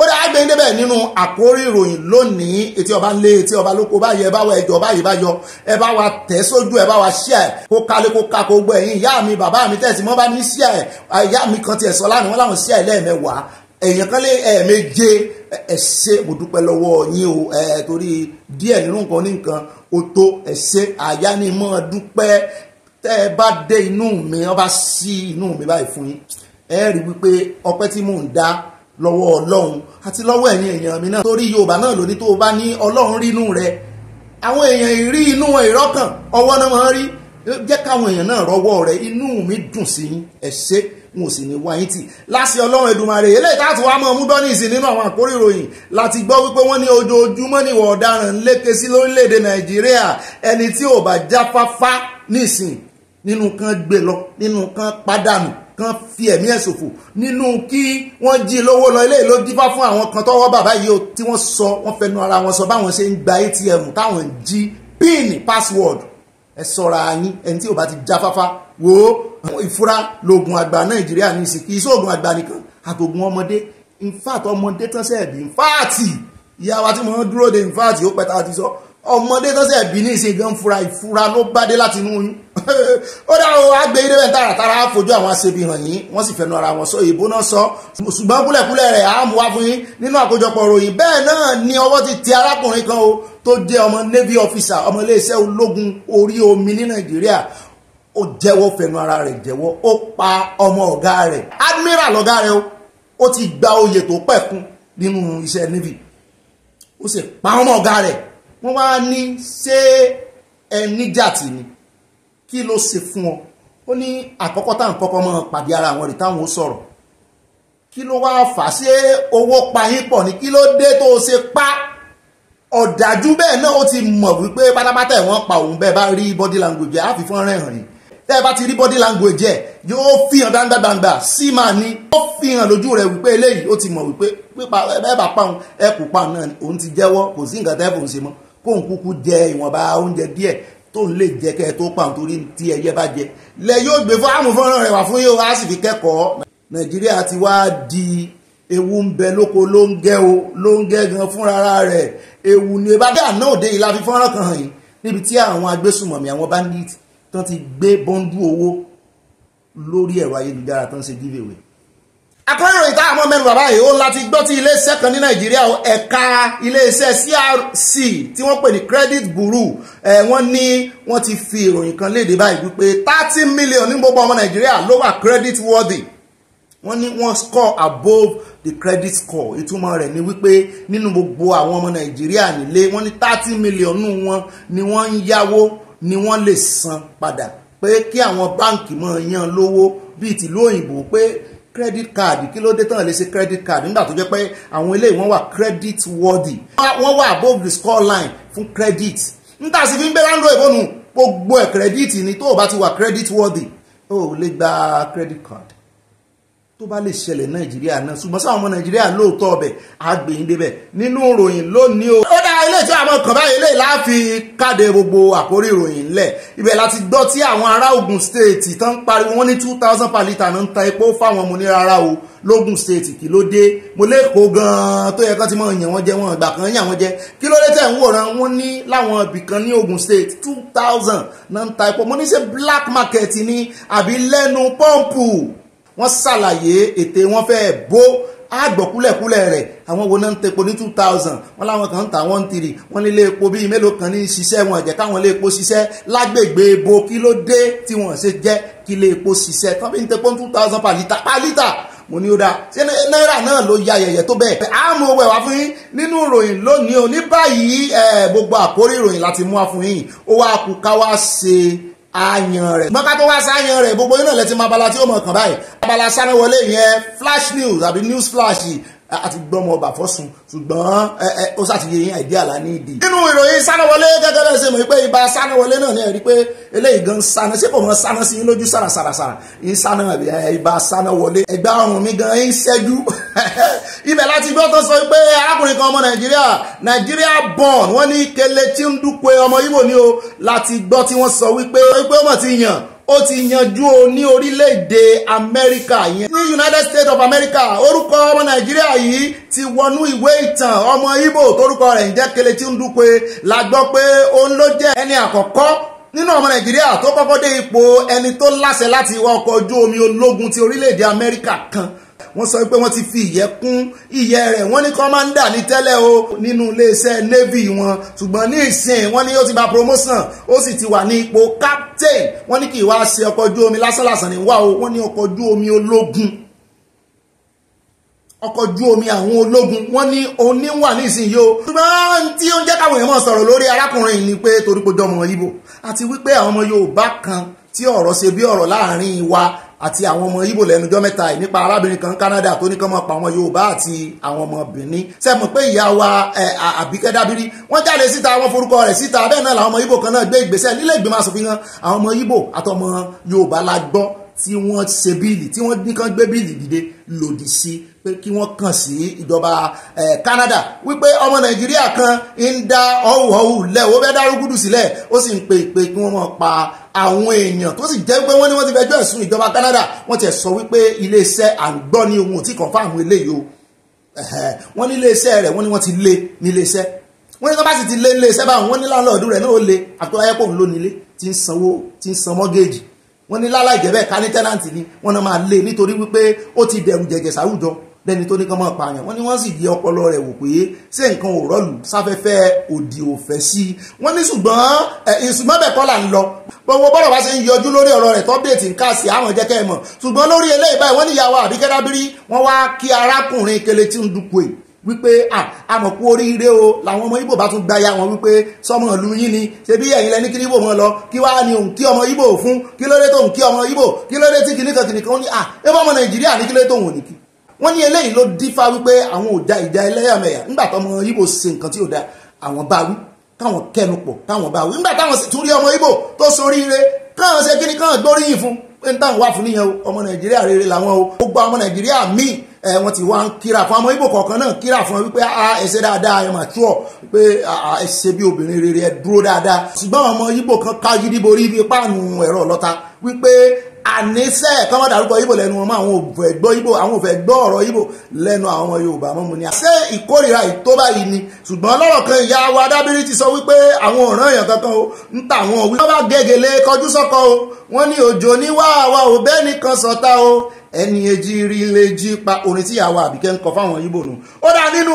ó dá agbẹ́yìn débẹ̀ nínú àkórí ìròyìn lónìí etí ọba ńlé etí ọba lóko báyìí ẹ bá wa ẹjọ báyìí bá yọ ẹ bá wa tẹ̀ sójú ẹ bá wa ṣíà ẹ kó kalẹ̀ kó ka kó gbọ́ ẹ̀yìn ìyá mi bàbá mi tẹ̀sí mọ́ bá ní ṣíà ẹ ìyá mi kan tiẹ̀ sọ lánàá wọn làwọn ṣíà ẹ lẹ́ẹ̀mẹwàá èèyàn kan lé ẹ̀ẹ̀méje ẹ ṣé mo dúpẹ́ lọ́wọ́ yín o ẹ̀ torí díẹ̀ nínú nǹkan ní nǹkan o tó ẹ ṣé ni mo dúpẹ́ tẹ́ ẹ bá dé inú mi wọ́n bá sí inú mi báyìí fún yín ẹ rí wípé ọpẹ́ tí mò ń dá lọ́wọ́ ọlọ́run àti lọ́wọ́ ẹ̀yin èèyàn mi náà torí yorùbá náà lóní tó o bá ní ọlọ́run rínú rẹ àwọn èèyàn ìrí inú wọn ìrọ́kàn ọwọ́ náà wọ́n rí jẹ́ káwọn èèyàn náà rọ́wọ́ rẹ inú mi dùn sí ẹ wọn ò sì ní wáyé tì láti ọlọ́run Èdùmàrè eléyìí táàtù wa mọ̀ múdọ́ ní ìsìn nínú àwọn àkórí ìròyìn láti gbọ́ wípé wọ́n ní ojoojúmọ́ níwọ̀ ọ̀daràn ń lékè sí lórílẹ̀‐èdè Nàìjíríà ẹni tí ò bá jáfáfá nísìn nínú kan gbé lọ nínú kan pàdánù kan fi ẹ̀mí ẹ̀ ṣòfò nínú kí wọ́n jí lówó lọ eléyìí ló dífá fún àwọn kan tọ́wọ́ bàbá yìí tí wọ́n sọ wọ́n fẹnu ara wọn sọ báwọn ṣe ń gba ATM táwọn jí pin password ẹ sọra yín ẹni tí ò bá ti jáfáfá wo ìfura lóògùn àgbà nàìjíríà ní ìsìn kì í sóògùn àgbà nìkan àtògùn ọmọdé in fact ọmọdé tán sẹ́ẹ̀bì in fact ìyá wa tí mo ń dúró de in fact ó pẹ́ta ti sọ ọmọdé tó ṣe bí ní ìṣègùn fura ìfura ló bá dé láti inú oyún [LAUGHS] ó dáhùn àgbẹ̀ ilé rẹ̀ tààràtàrà fojú àwọn aṣebi hàn yín wọ́n sì fẹnu ara wọn sọ èèbó náà sọ ṣùgbọ́n kúlẹ̀kúlẹ̀ rẹ̀ á mú wá fún yín nínú àkójọpọ̀ ròyìn bẹ́ẹ̀ náà ni ọwọ́ ti tẹ arákùnrin kan o tó jẹ́ ọmọ navy officer ọmọ iléeṣẹ́ ológun orí omi ní nàìjíríà ó jẹ́wọ́ fẹnu ara rẹ̀ jẹ́wọ́ ó pa ọmọ ọ̀gá rẹ̀ admiral ọ̀gá rẹ̀ o ó ti gba oyè tó pẹ̀kun nínú iṣẹ́ navy ó sì pa ọmọ ọ̀gá rẹ̀ wọ́n wá ní ṣé ẹ ni kí ló ṣe fún ọ ó ní àkọ́kọ́ táwọn kọ́kọ́ mọ́ pàdé ara àwọn rẹ̀ táwọn ó sọ̀rọ̀ kí ló wá fà á ṣé owó pa yín pọ̀ ni kí ló dé tó ṣe pa ọ̀dájú bẹ́ẹ̀ náà ó ti mọ̀ wípé pátápátá ẹ̀wọ̀n pa òun bẹ́ẹ̀ bá rí body language á fi fọ́n rẹ̀ tẹ́ ẹ bá ti rí body language ẹ̀ yóò fi hàn dáńdáńdáńdá sí màá ní ó fi hàn lójú rẹ̀ wípé eléyìí ó ti mọ̀ wípé pípa ẹ bá pa òun ẹ kò pa òun náà òun ti jẹ́wọ́ kò sí nǹkan tẹ́ fòun ṣe mọ́ kóun kúkú jẹ ìwọ̀nba oúnjẹ díẹ̀ tóun lè jẹ kẹ́ ẹ tó pa nítorí tí ẹyẹ bá jẹ lẹ yóò gbé fáàmù fọ́nrán rẹ̀ wá fún yóò wá sì fi kẹ́kọ̀ọ́ nàìjíríà ti wá di ewu ń bẹ lóko ló ń gẹ́ o ló ń gẹ́ gan fúnra rẹ̀ ewu ni ẹ bá dé àná òde yìí la fi fọ́nrán kan hàn yìí níbi tí àwọn agbésùmọ̀mí àwọn bandit tán ti gbé bọ́ńdú owó lórí ẹ̀rọ ayélujára tán ṣe giveaway akọ́yọ̀ròyìn tá àwọn mẹ́nu bàbá yìí ó láti gbọ́ tí iléeṣẹ́ kan ní nàìjíríà ẹ̀ka iléeṣẹ́ crc tí wọ́n pè ní credit bureau ẹ̀ wọ́n ní wọ́n ti fi ìròyìn kan léde báyìí wípé thirty million ní gbogbo ọmọ nàìjíríà ló wà credit worthy wọ́n ní wọ́n score above the credit score ìtumọ̀ rẹ̀ ni wípé nínú gbogbo àwọn ọmọ nàìjíríà nílé wọ́n ní thirty million nù wọn ni wọ́n ń yáwó ni wọ́n lè san padà pé kí àwọn báǹkì mọ̀ yan lówó bíi tìlú òyìnbó pé credit card kí ló dé tán lè ṣe credit card nígbà tó jẹ́ pé àwọn eléyìí wọ́n wà credit worthy wọ́n wà above the score line fún credit nígbà sì fi ń bẹ́rẹ̀ android fóònù gbogbo ẹ̀ credit ni tó o bá ti wà credit worthy o lè gba credit card tó bá lè ṣẹlẹ̀ nàìjíríà náà ṣùgbọ́n sáwọn ọmọ nàìjíríà lóòótọ́ ọbẹ̀ àgbèyìn débẹ̀ nínú ìròyìn lónìí o. ó dá ilé ìtura àwọn kan báyìí lè láàfi káde gbogbo àkórí ìròyìn ńlẹ̀ ibẹ̀ láti gbọ́ tí àwọn ará Ògùn state tán ń pariwo wọn ní two thousand per litre ń ta epo fáwọn ọmọ ní rárá o lógùn state kí ló dé mo lẹ́kọ̀ọ́ gan-an tó yẹ kán ti mọ̀ yàn wọ́n jẹ wọn ìgbà kan yàn wọ́n jẹ kí ló dé tẹ̀ ń wòran wọn ní láwọn ibì kan ní Ògùn state two thousand náà ń ta epo mo ní ṣe black market ni àbí lẹ́nu pọ́ǹpù wọ́n ṣàlàyé ète wọ́n fẹ́ bó àgbọ̀kúlẹ̀kúlẹ̀ rẹ̀ àwọn wo náà ń tepo ní two thousand wọ́n láwọn kan ń ta one three wọ́n nílé epo bíi mélòó kan ní ṣiṣẹ́ wọn jẹ́ káwọn ilé epo ṣiṣẹ́ lágbègbè ebo kí ló dé tí wọ́n ṣe jẹ́ kí ilé epo ṣiṣẹ́ tán bí ń tepo ní two thousand per litre per litre mo ní ó dáa ṣé náírà náà ló ya yẹ̀yẹ̀ tó bẹ́ẹ̀. àmú owó ẹ̀ wá fún yín nínú ìròyìn lónìí o ní báyìí gbogbo àkórí ìròyìn láti mú wá fún yín ó wá kú ká wá ṣe àyàn rẹ̀ mọ́ká tó wá sáyàn rẹ̀ gbogbo yín náà lẹ́tí máa bala tí ó mọ̀ kàn báyìí abala sáré wọlé yẹn flash news àbí news flash yìí àti gbọ́mọ ọba fọ́sùn ṣùgbọ́n ó ṣàtìyẹ yín àìdí àlá ní ìdí. nínú ìròyìn sánáwọlé gẹ́gẹ́ bẹ́ẹ̀ ṣe mọ̀ pé ibà sánáwọlé náà ní ẹ̀rí pé eléyìí gan sáná ṣé kò mọ sáná sí lójú sàràsàràsàrà ìsáná ibà sánáwọlé ẹgbẹ́ ọ̀run mi gan ń ṣẹ́jú. [LAUGHS] ibẹ̀ láti gbọ́ tó sọ pé arákùnrin kan ọmọ nàìjíríà nàìjíríà born wọ́n ní kele tí ń dúpẹ́ ọmọ Ìgbò ni o láti gbọ́ tí wọ́n sọ wípé ó mọ̀ ti yàn ó ti yanjú o ní orílẹ̀-èdè amẹ́ríkà yẹn ní united states of america orúkọ ọmọ nàìjíríà yìí ti wọnú ìwé ìtàn ọmọ Ìgbò torúkọ rẹ̀ ń jẹ́ Kelechi Ndukwe la gbọ́ pé òun ló jẹ́ ẹni àkọ́kọ́ nínú ọmọ nàìjíríà tó kọ́kọ́ dé ipò ẹni tó láṣẹ láti wá ọkọ̀ ojú omi ológun ti orílẹ̀-èdè amẹ́ríkà kan wọ́n sọ pé wọ́n ti fi ìyẹ́ kún ìyẹ́ rẹ̀ wọ́n ní kọ́mándà ní tẹ́lẹ̀ o nínú iléeṣẹ́ navy wọn ṣùgbọ́n ní ìsìn wọ́n ní ó ti gba promotion ó sì ti wà ní ipò captain wọ́n ní kì í wá ṣe ọkọ̀ ojú omi lásánlàsàn ní wá o wọ́n ní ọkọ̀ ojú omi ológun ọkọ̀ ojú omi àwọn ológun wọ́n ní oníwà nísìnyí o ṣùgbọ́n tí ó ń jẹ́ káwọn èèyàn mọ̀ sọ̀rọ̀ lórí arákùnrin yìí ni pé torí pé jọmọ ibo àti wípé àwọn ọmọ Yorùbá kan tí ọ̀rọ̀ ṣe bí ọ̀rọ̀ láàrin wa àti àwọn ọmọ Ìgbò lẹ́nujọ́ mẹ́ta yìí nípa arábìnrin kan Canada tó ní kán mọ́ pa àwọn Yorùbá àti àwọn ọmọ Benin sẹ́mu pé ìyá wa Àbíkẹ́ Dábírí wọ́n jáde síta wọ́n forúkọ rẹ̀ síta bẹ́ẹ̀ náà làwọn ọmọ Ìgbò kan náà gbé ìgbésẹ̀ nílé ìgbìmọ̀ aṣòfin hàn àwọn ọmọ Ìgbò àtọmọ Yorùbá la gbọ́ tí wọ́n ṣe bíìlì tí wọ́n nìkan gbé bíìlì dìde lòdì sí pé kí wọ́n kàn sí ìjọba Canada wípé ọmọ Nàìjíríà kan ń dá ọ̀hùn ọ̀hùn ó fẹ́ dá rúgúdù ó sì ń pe ìpè kí wọ́n mọ̀ pa àwọn èèyàn tó sì jẹ́ pé wọ́n ní wọ́n ti fẹjọ́ ẹ̀sùn ìjọba Canada wọ́n ti sọ wípé iléeṣẹ́ àgbọ́ ní ohun tí kàn fáwọn eléyìí o wọ́n ní iléeṣẹ́ rẹ̀ wọ́n ní wọ́n ti lé ní iléeṣẹ́ wọ́n ní tó bá sì ti lé ní iléeṣẹ́ báwọn wọ́n ní láńlọ́ọ̀dù rẹ̀ náà ó lé àtọ́ ayẹ́pọ̀ ń lò nílé tí ń sanwó tí ń san mọ́gẹ́ẹ̀jì wọ́n ní láláìjẹ́ bẹ́ẹ̀ ká ní tẹ́nàntì ni wọ́n náà máa lé nítorí wípé ó ti dẹ̀rù jẹ̀jẹ̀ sáwùjọ lẹ́ni tó ní kán máa pààyàn wọ́n ní wọ́n sì yẹ ọpọlọ rẹ̀ wò pé ṣé nǹkan ò rọ́ọ̀lù sáfẹ́fẹ́ òdì òfẹ́ sí i wọ́n ní ṣùgbọ́n ìsúnmọ́bẹ̀ kọ́ là ń lọ gbogbo bọ́rọ̀ bá ṣe ń yọjú lórí ọ̀rọ̀ rẹ̀ tọ́bẹ̀tì ń kà sí àwọn jẹ́kẹ́ mọ̀ ṣùgbọ́n lórí eléyìí báyìí wọ́n ní ìyàwó Àbíkẹ́ Dábírí wọ́n wá kí arákùnrin Kelechi Ndukwe wípé àmọ̀kú oríire o làwọn ọmọ Ìgbò bá tún gbaya wọn wípé sọmọ ìlú yín ni ṣebí ẹ̀yin lẹni kí Ìgbò mọ lọ kí wàá ní òun kí ọmọ Ìgbò fún kí lóde tóun kí ọmọ Ìgbò kí lóde tí kìnnìkan kìnnìkan ó ní à ẹ bá ọmọ Nàìjíríà ní kí lóde tóun ò ní kí wọ́n ní eléyìí ló dífá wípé àwọn ò ja ìjà ẹlẹ́yàmẹ̀yà nígbà tọmọ ibo ṣe nǹkan tí ò da àwọn bá wí káwọn kẹnu pọ̀ káwọn bá wí nígbà táwọn sì tún rí ọmọ ibo tó soríire káwọn ṣe kíní káwọn gbóríyìn fún pé n táwọn wá fún níyẹn o ọmọ nàìjíríà rere làwọn o gbogbo ọmọ nàìjíríà míì ẹ wọn ti wá ń kíra fún ọmọ ibo kọ̀ọ̀kan náà kíra fún ọ wípé a ẹ ṣe dáadáa ẹ máa tú ọ pé a ẹ ṣe bí obìnrin rere ẹ dúró dáadáa ṣùgbọ́n ọmọ ibo kan ká gidi borí ibi páànù ẹ̀rọ ọlọ́ta wípé àníṣe kọ́mọ́ dárúkọ ibo lẹ́nu wọn mọ́ àwọn òfẹ́ gbọ́ ibo àwọn òfẹ́ gbọ́ ọ̀rọ̀ ibo lẹ́nu àwọn ọmọ yorùbá mọ́ mu ni. ṣé ìkórìíra ìtó báyìí ni ṣùgbọ́n lọ́rọ̀ kan ìyá wa dábírí ti sọ wípé àwọn ọ̀ràn èèyàn kankan o ń tà wọn wí. wọ́n bá gègèlè kọjú sọ́kọ o wọ́n ní òjò ní wàá wa ò bẹ́ẹ̀ sọ̀tà o ẹni ejì rí léjì pa orin tí ìyàwó àbíkẹ́ ń kọ fáwọn yíbò nù. ó dá nínú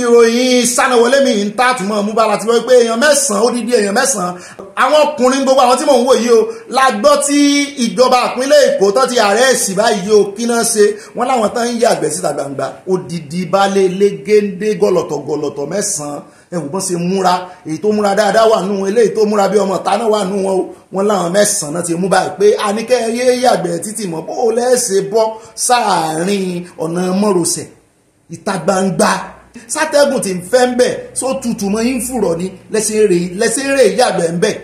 ìròyìn sanuwọlé mi ń tà túmọ̀ mú bá láti lọ pé èèyàn mẹ́sàn-án ó dídí èèyàn mẹ́sàn-án àwọn ọkùnrin gbogbo àwọn tí mò ń wò yìí o la gbọ́ tí ìjọba ìpínlẹ̀ èkó tó ti ààrẹ ẹ̀sì báyìí o kí náà ṣe wọ́n láwọn tán ń yàgbẹ́ síta gbangba odidi balẹ̀ légéńdé gọlọ̀tọ̀ gọlọ̀tọ̀ ẹ̀wù bọ́n ṣe múra èyí tó múra dáadáa wà nù eléyìí tó múra bí ọmọ ìta náà wà nù wọn wọn láwọn mẹ́sàn-án ti mú báyìí pé àníkẹ́ yé yàgbẹ́ títì mọ́ bó lẹ́sẹ̀ bọ́ sáàárín ọ̀nà mọ́rọ̀sẹ̀ ìta gbangba sátẹ́gùn ti fẹ́ ń bẹ̀ só tutù mọ́ yín fùrọ̀ ni lẹ́sẹ̀ rè yàgbẹ́ ń bẹ̀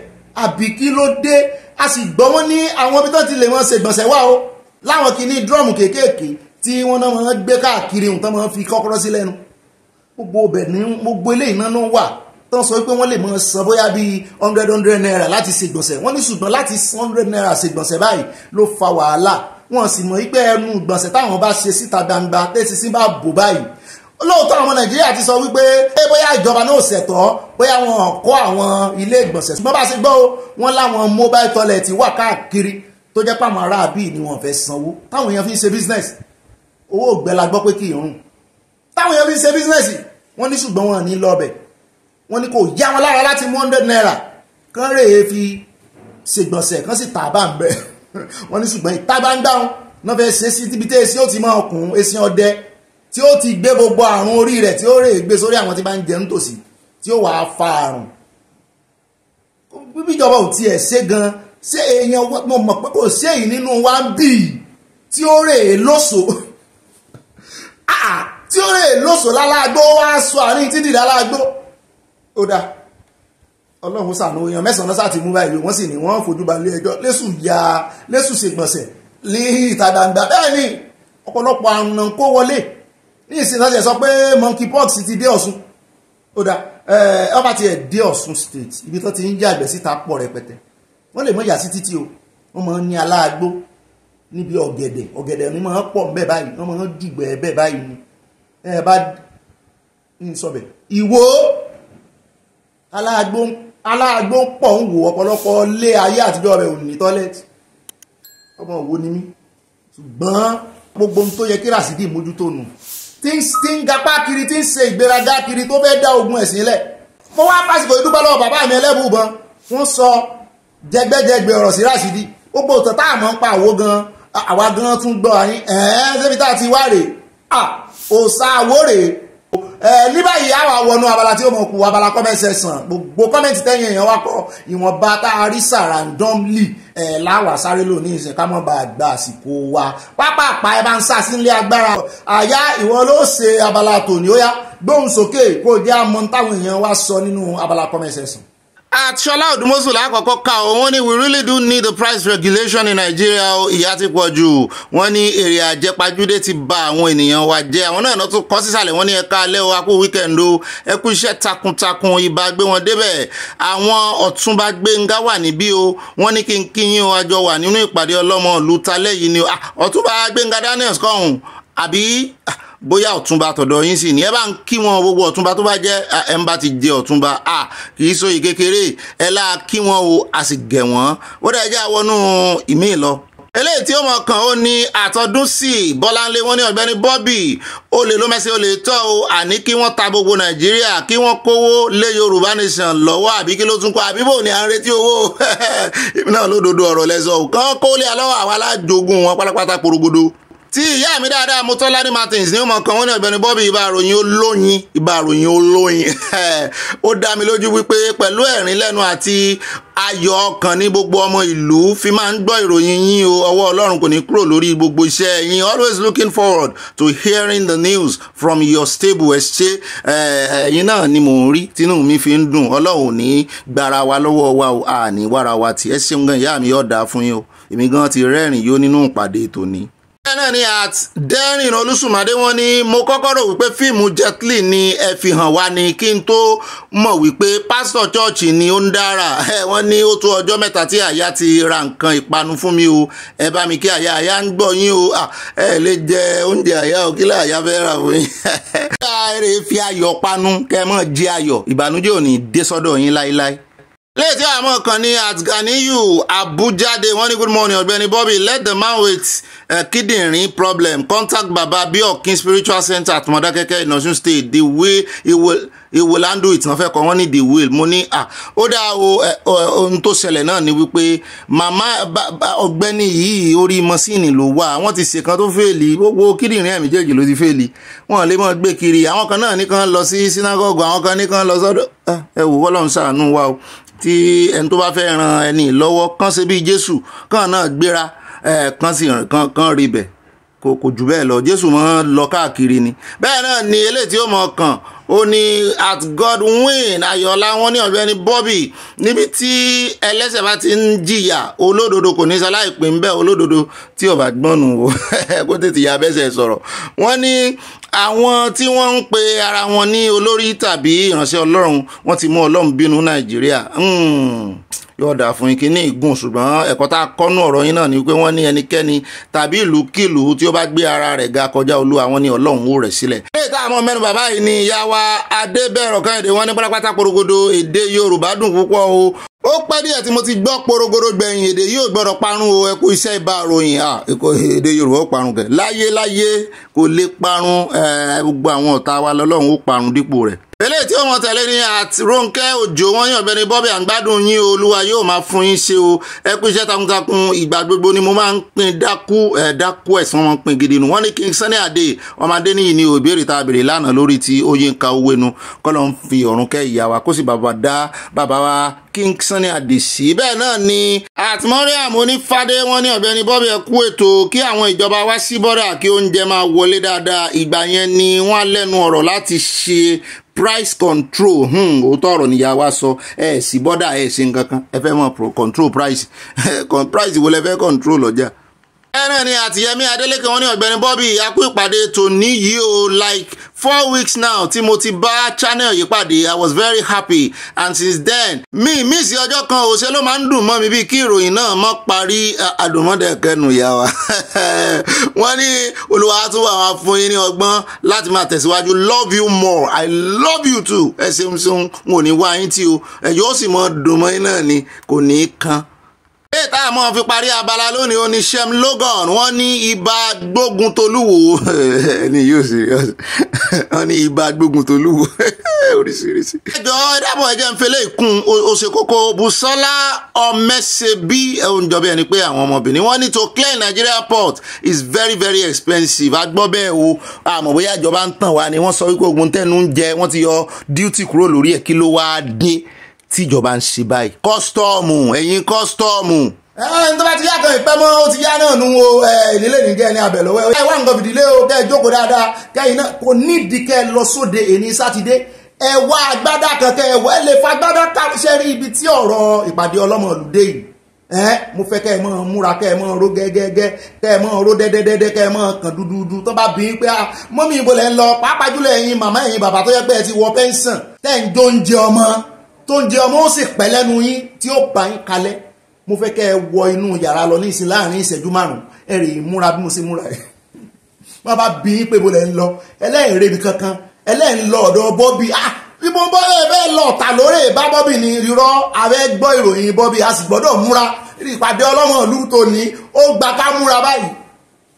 àbí kí ló dé a sì gbọ́ wọn ní àwọn ibi tó ti lè wọn ṣègbọ̀nsẹ̀ wá o láwọn kìíní drọ́ọ̀mù kéékèèké tí wọ́n náà máa gbé káàkiri ohun tó máa fi kọ́kọ́rọ́ sí lẹ́nu gbogbo ọbẹ̀ ní gbogbo eléyìí náà ló wà tó ń sọ pé wọ́n lè mọ san bóyá bíi hundred hundred naira láti ṣègbọ̀nsẹ̀ wọ́n ní ṣùgbọ́n láti hundred naira ṣègbọ̀nsẹ̀ báyìí ló fa wàhálà wọ́n sì mọ̀ wípé ẹnu ìgbọ̀nsẹ̀ táwọn bá ṣe síta gbangba tẹ́sí sí bá bò báyìí lóòótọ́ àwọn ọmọ nàìjíríà ti sọ wípé pé bóyá ìjọba náà ṣẹ̀tọ́ bóyá wọn kọ́ àwọn ilé ìgbọ̀nsẹ̀ ṣùgbọ́n bá ṣe gbọ́ o wọ́n láwọn mobile toilet wà káàkiri tó jẹ́ pàmò aráàbí ni wọ́n fẹ́ sanwó táwọn èèyàn fi ń ṣe business owó ògbẹ́ la gbọ́ pé kì í rùn táwọn èèyàn fi ṣe bísínẹ́sì wọ́n ní ṣùgbọ́n wọn ní lọ́ọ̀bẹ̀ wọ́n ní kò yá wọn lára láti mú hundred naira kán rèé fi ṣègbọ̀nsẹ̀ kán sì tà bá ń bẹ̀ [LAUGHS] wọ́n ní ṣùgbọ́n ìta bá ń dáhùn náà fẹ́ ṣe sí tíbi tí èsì ó ti máa ọkùn èsì ọdẹ tí ó ti gbé gbogbo àrùn orí rẹ̀ tí ó rèé gbé sórí àwọn tí bá ń jẹ nítòsí tí ó wàá fa àrùn bíjọba ò tiẹ̀ ṣe gan ṣé èèyàn mo mọ̀ pé kò sí èyí nínú wa ń tí ó rèé lóṣòó [LAUGHS] tí ó rè lóṣò lálágbó wá sọ àárín títì lálágbó ó dáa ọlọ́run sànú èèyàn mẹ́sàn-án sáà ti mú báyìí wọ́n sì ní wọ́n fojú ba ilé ẹjọ́ lẹ́sù ya lẹ́sù ṣègbọ̀nsẹ̀ ní ìta gbangba bẹ́ẹ̀ ni ọ̀pọ̀lọpọ̀ àrùn kó wọlé ní ìsìn náà sọ pé monkeypox ti dé ọ̀ṣun ó dá ọba ti ẹ̀ dé ọ̀ṣun state ibi tó ti ń jẹ́ àgbẹ̀ síta pọ̀ rẹpẹtẹ wọ́n lè mọ sí títí o wọ́n máa ń ní aláàgbó níbi ọ̀gẹ̀dẹ̀ ọ̀gẹ̀dẹ̀ ni máa ń pọ̀ bẹ́ẹ̀ báyìí wọ́n máa ń dùgbẹ́ bẹ́ẹ̀ báyìí ẹ bá ń sọ bẹ̀ ìwò aláàgbó ń pọ̀ ń wò ọ̀pọ̀lọpọ̀ lé ayé àtijọ́ rẹ̀ ò ní tọ́lẹ̀tì ọmọ òwò ni mí ṣùgbọ́n gbogbo ohun tó yẹ kí Rasidi mójútó nù tí ń gapá kiri tí ń ṣe ìgbéraga kiri tó fẹ́ dá ogun ẹ̀sìn lẹ̀ mo wá pàṣípò ìdúpẹ́ lọ́wọ́ bàbá mi ẹlẹ́bùbọn wọ́n sọ jẹgbẹ́jẹgbẹ́ ọ̀rọ̀ sí Rasidi gbogbo òtàn táàmọ́ ń pa àwo gan àwa gan tún gbọ́ àyín ẹ̀ẹ́n ṣébi tá a ti wá rèé òòsà àwórè ní báyìí àwa wọnú abala tí ó mọ̀ kú abala kọ́mẹ́ntì ẹ̀sán gbogbo kọ́mẹ́ntì tẹ́yìn èèyàn wá kọ́ ìwọ̀nba tá a rí sàràǹdọ́mlì ẹ̀ láwà sáré lónìí ìṣẹ̀ ká mọ̀ bá a gba àsìkò wa pápápá ẹ bá ń sá sí ilé agbára àyà ìwọ ló ṣe abala tòní ó yá gbóhùn sókè kó jẹ́ àmọ́ èèyàn wá sọ nínú abala kọ́mẹ́ntì ẹ̀sán àtṣọlá òdùmọ́sùn lákọ̀ọ́kọ́ ká o wọ́n ní we really do need the price regulation in Nigeria o ìyà ti pọ̀ jù wọ́n ní èrè àjẹpajúdé ti ba àwọn ènìyàn wa jẹ́ àwọn náà tún kọ́ sísàlẹ̀ wọ́n ní ẹ̀ka alẹ́ o akó weekend o ẹkú iṣẹ́ takuntakun ibà gbé wọn débẹ̀ àwọn ọ̀túnba gbẹ̀ngà wà níbí o wọ́n ní kí n kíyìn o àjọ wà nínú ìpàdé ọlọ́mọ lùtàlẹ́ yìí ni ah, ọ̀túnba gbẹ̀ngà Daniels kọ́hún àbí bóyá ọ̀túnba tọ̀dọ̀ yín sì ní ẹ bá ń kí wọn gbogbo ọ̀túnba tó bá jẹ́ ẹ ń bá ti jẹ ọ̀túnba à kì sóye kékeré ẹ láà kí wọn o a sì gẹ̀ wọ́n ó dẹ̀ jẹ́ àwọnú ìmí lọ eléyìí tí ó mọ̀ kàn ó ní àtọ́dún sí bọ́láńlé wọn ní ọ̀gbẹ́ni bobby ó lè ló mẹ́sẹ̀ ó tọ́ o àní kí wọ́n ta gbogbo nàìjíríà kí wọ́n kówó lé yorùbá nation lọ́wọ́ àbí kí ló tún kọ́ àbí bò ní à ń retí owó [LAUGHS] náà lódodo ọ̀rọ̀ lẹ́sọ̀ kán kó lé alọ́wọ́ àwọn alájogun wọn pátápátá porogodo tí ìyá mi dáadáa mo tọ́lá ní martins ní ọmọ kan wọn ní ọ̀gbẹ́ni bobby ibà àròyìn olóyin ibà àròyìn olóyin [LAUGHS] ó dá mi lójú wípé pẹ̀lú ẹ̀rín lẹ́nu àti ayọ̀ ọkàn ní gbogbo ọmọ ìlú fi máa ń gbọ́ ìròyìn yín o ọwọ́ ọlọ́run kò ní kúrò lórí gbogbo iṣẹ́ yín always looking forward to hearing the news from your stable ẹ̀ṣẹ́ ẹ̀yin náà ni mò ń rí tínú mi fi ń dùn ọlọ́run ò ní gbára wa lọ́wọ́ wa o àní wára wa tì ẹ ṣeun gan ìyá mi yóò dáa fún yín o èmi gan ti rẹ́rìn yó nínú ìpàdé tòní bẹ́ẹ̀ náà ni at dẹ́rìn olùsùnmọ́dé wọn ni mo kọ́kọ́ rò wípé fíìmù Jet Li ni ẹ fi hàn wá ni kí n tó mọ̀ wípé pásítọ̀ chọ́ọ̀chì ni ó ń dára [LAUGHS] ẹ wọ́n ní ó tó ọjọ́ mẹ́ta tí àyà ti ra nǹkan ìpanu fún mi o ẹ bá mi kí àyà àyà ń gbọ́ yín o ẹ lè jẹ oúnjẹ àyà o kí láàyà fẹ́ rà fún yín. [LAUGHS] ká èrè fi ayọ̀ panu kẹ́ ẹ mọ̀ jẹ ayọ̀ ìbànújẹ́ ò ní dé sọ́dọ̀ yín láíláí léètí àwọn kan ní at Ganiyu Abujade wọ́n ní good morning ọ̀gbẹ́ni Bobby let the man wait uh, eh, kidney problem contact baba biokin spiritual center at Modakeke in Osun state the way he will he will handle it wọ́n fẹ́ kọ́ wọ́n ní the will mo ní à ah, ó dá eh, o ohun tó ṣẹlẹ̀ náà ni wípé màmá ọ̀gbẹ́ni yìí orí mọ́sìnì ló wà wọ́n ti ṣèkan tó fèèlì gbogbo kíndìnrín ẹ̀ méjèèjì ló ti fèèlì wọ́n lè mọ̀ gbé kiri àwọn kan náà nìkan lọ sí sínágọ́gù àwọn kan nìkan lọ sọ́dọ̀ ah, ẹ wò wọ́n lọ́n ṣàánú wa o tí ẹni tó bá fẹ́ ran ẹni lọ́wọ́ kàn ṣe bí Jésù kàn náà gbéra kan sì kan kan rí bẹ̀ kò kò jù bẹ́ẹ̀ lọ jésù mọ́ lọ káàkiri ni bẹ́ẹ̀ náà ni eléyìí tí ó mọ̀ kàn ó ní at Godwin ayọ̀ọ́lá wọn ní ọ̀gbẹ́ni Bobby níbi tí ẹlẹ́sẹ̀ bá ti ń jìyà olódodo kò ní sáláì pé ń bẹ́ olódodo tí ọba gbọ́nù o [LAUGHS] kó tètè ya abẹ́sẹ̀ sọ̀rọ̀ wọ́n ní àwọn tí wọ́n ń pe ara wọn ní olórí tàbí ìránṣẹ́ ọlọ́run wọ́n ti mú ọlọ́run bínú Nàìjíríà hmm yóò dà fún yín kí ní ìgùn ṣùgbọ́n ẹ̀kọ́ tá a kọ́nú ọ̀rọ̀ yín náà ni pé wọ́n ní ẹnikẹ́ni tàbí ìlúkìlú tí ó bá gbé ara rẹ̀ ga kọjá olúwa wọn ní ọlọ́run ó rẹ̀ sílẹ̀. ilé ìta àwọn mẹ́nu bàbá yìí ni ìyá wa adébẹ̀rọ̀ kan èdè wọn ní pátápátá porogodo èdè yorùbá dùn púpọ̀ o ó pẹ́ díẹ̀ tí mo ti gbọ́ porogoro gbẹ̀yìn èdè yóò gbọ́dọ̀ parun o ẹ kú iṣẹ́ ìbá ròyìn à èdè yorùbá ó parun kẹ̀ láyé láyé kò lè parun gbogbo àwọn ọ̀tá wa lọ́lọ́run ó parun dípò rẹ̀. eléyìí tí wọ́n tẹ̀lé ni Ronke Ojo wọ́n yàn bẹ́ni Bobby àgbádùn yín olúwa yóò máa fún yín ṣe o ẹ kú iṣẹ́ takuntakun ìgbà gbogbo ni mo máa ń pin dákú dákú ẹ̀sán wọn pin gidi nu kí Sunny Adé lásán ni àdìsí bẹ́ẹ̀ náà ni àtìmọ́ríàmù onífádé wọn ní ọ̀gbẹ́ni bọ́bí ẹ̀kú ètò kí àwọn ìjọba wá sí bọ́dà kí oúnjẹ máa wọlé dáadáa ìgbà yẹn ni wọ́n á lẹ́nu ọ̀rọ̀ láti ṣe price control hmm, òótọ́ ọ̀rọ̀ nìyá wa sọ ẹ sí bọ́dà ẹ ṣe nǹkan kan ẹ fẹ́ mọ̀ control price [LAUGHS] price wo lẹ fẹ́ control ọjà ẹran ni àtìyẹmí adélèké wọn ní ọ̀gbẹ́ni Bobby akú ìpàdé tòní yìí o like four weeks now tí mo ti bá channel yìí pàdé i was very happy and since then mi Miss sí ọjọ́ kan òṣè ló máa ń dùn mọ́ mi bíi kí ìròyìn náà mọ́ parí àdùnmọ́dẹ̀kẹ́nu ìyá wa [LAUGHS] wọ́n ní olùwà tún wà wọn fún yín ní ọgbọ́n láti máa tẹ̀síwájú love you more i love you too ẹ ṣeun ṣeun n ò ní wá yín tí o ẹ yóò sì mọ dùn mọ́ yín náà ni kò ní í kan èyí tá a mọ̀ fi parí abala lónìí oníṣẹ́m logan wọ́n ní ibà gbógun tolúwo [LAUGHS] ẹni yóò sì wọ́n ní ibà gbógun tolúwo [LAUGHS] oríṣiríṣi. ẹjọ́ ìdábọ̀ ẹ̀jẹ̀ ń fẹlẹ́ ìkún oṣù kókó Busola Ọmẹsẹbí ọ̀njọ́bí ẹni pé àwọn ọmọbìnrin wọ́n ní to clear Nigeria port is very very expensive agbọ́ bẹ́ẹ̀ o àmọ́ bóyá ìjọba ń tàn wá ni wọ́n sọ wípé ogun tẹ́nu ń jẹ wọ́n ti yọ duty kúrò lórí ẹ̀ kí ló wáá dín tíjọba ń ṣe báyìí kọ́sítọ́ọ̀mù ẹ̀yin kọ́sítọ́ọ̀mù. ẹ̀ẹ́n tó bá ti yàtọ̀ ìpẹ́ mọ́ ó ti yá náà nu wo ìdílé nìkẹ́ ní abẹ̀ lọ́wọ́ ẹ̀ wá nǹkan fìdílé o kẹ́ ẹ jókòó dáadáa kẹ́ ẹ̀yin náà kò nídìí kẹ́ ẹ lọ sóde èní sátidé ẹ wá agbádá kankan ẹ wá lè fa agbádá ṣe rí ibi tí ọ̀rọ̀ ìpàdé ọlọ́mọlúdé yìí ẹ mo fẹ́ kẹ́ ẹ mọ́ múra kẹ́ ẹ mọ́ ró gẹ́gẹ́gẹ́ kẹ́ ẹ mọ́ ró dẹ́dẹ́dẹ́dẹ́ kẹ́ ẹ mọ́ kàn dúdúdú tó bá bí pé ah, mọ́mí ìbò lẹ́ ń lọ pàápàá jùlọ ẹ̀yin màmá ẹ̀yin bàbá tó yẹ pé ẹ ti wọ pẹ́ńsàn tẹ́ ń jó ń ọmọ tó ń jẹ ọmọ ó sì pẹ́ lẹ́nu yín tí ó bá yín kalẹ̀ mo fẹ́ kẹ́ ẹ wọ inú yàrá lọ ní ìsìn láàrin ìṣẹ́jú márùn-ún ẹ rè múra bí mo ṣe múra ẹ̀ [LAUGHS] wọ́n bá bí pé mo lẹ̀ ń lọ ẹlẹ́yìn rebi kankan ẹlẹ́yìn lọ ọ̀dọ̀ bọ́bí ah bí mo bọ́ ẹ bẹ́ẹ̀ lọ ọ̀tà lórí ìbá bọ́bí ni rírọ́ abẹ́ gbọ́ ìròyìn bọ́bí a sì gbọ́dọ̀ múra ìpàdé ọlọ́mọ ìlú tòní ó gba ká múra báyìí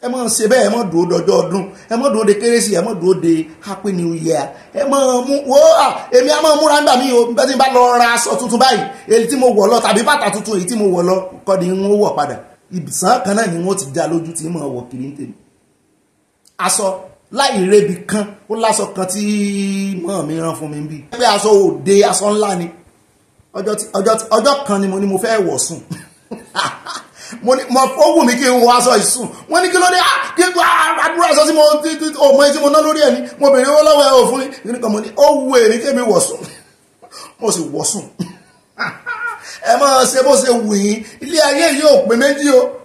ẹ mọ̀ ṣe bẹ́ẹ̀ ẹ mọ̀ dúró dọjọ́ ọdún ẹ mọ̀ dúró de kérésì ẹ mọ̀ dúró de happy new year ẹ mọ̀ mú wo à èmi á mọ̀ múra nígbà míì o bẹ́ẹ̀ tí n bá lọ ra aṣọ tuntun báyìí èyí tí mo wọ̀ lọ tàbí bàtà tuntun èyí tí mo wọ̀ lọ kọ́ ni n padà ìbùsàn kan náà ni wọ́n ti já lójú tí mo wọ̀ kiri ń tèmi. aṣọ láì rebi kan ó láṣọ kan tí mọ̀ mi rán fún mi bí. ẹgbẹ́ aṣọ òde aṣọ ńlá ni ọjọ́ kan ni mo ní mo fẹ́ wọ̀ sùn [LAUGHS] mo ní ó wù mí kí n wọ aṣọ ìsùn wọ́n ní kí ló dé ah, ah, àdúrà aṣọ tí mo ọmọ etí mo ná lórí ẹ̀ ní mo bèrè owó lọ́wọ́ ẹ̀ òfin ní kan mo ní ó wù èmi kí èmi wọ̀ sùn [LAUGHS] mo sì wọ̀ sùn [LAUGHS] ẹ máa ṣe bó ṣe wù yín ilé ayé yìí ò pé méjì o.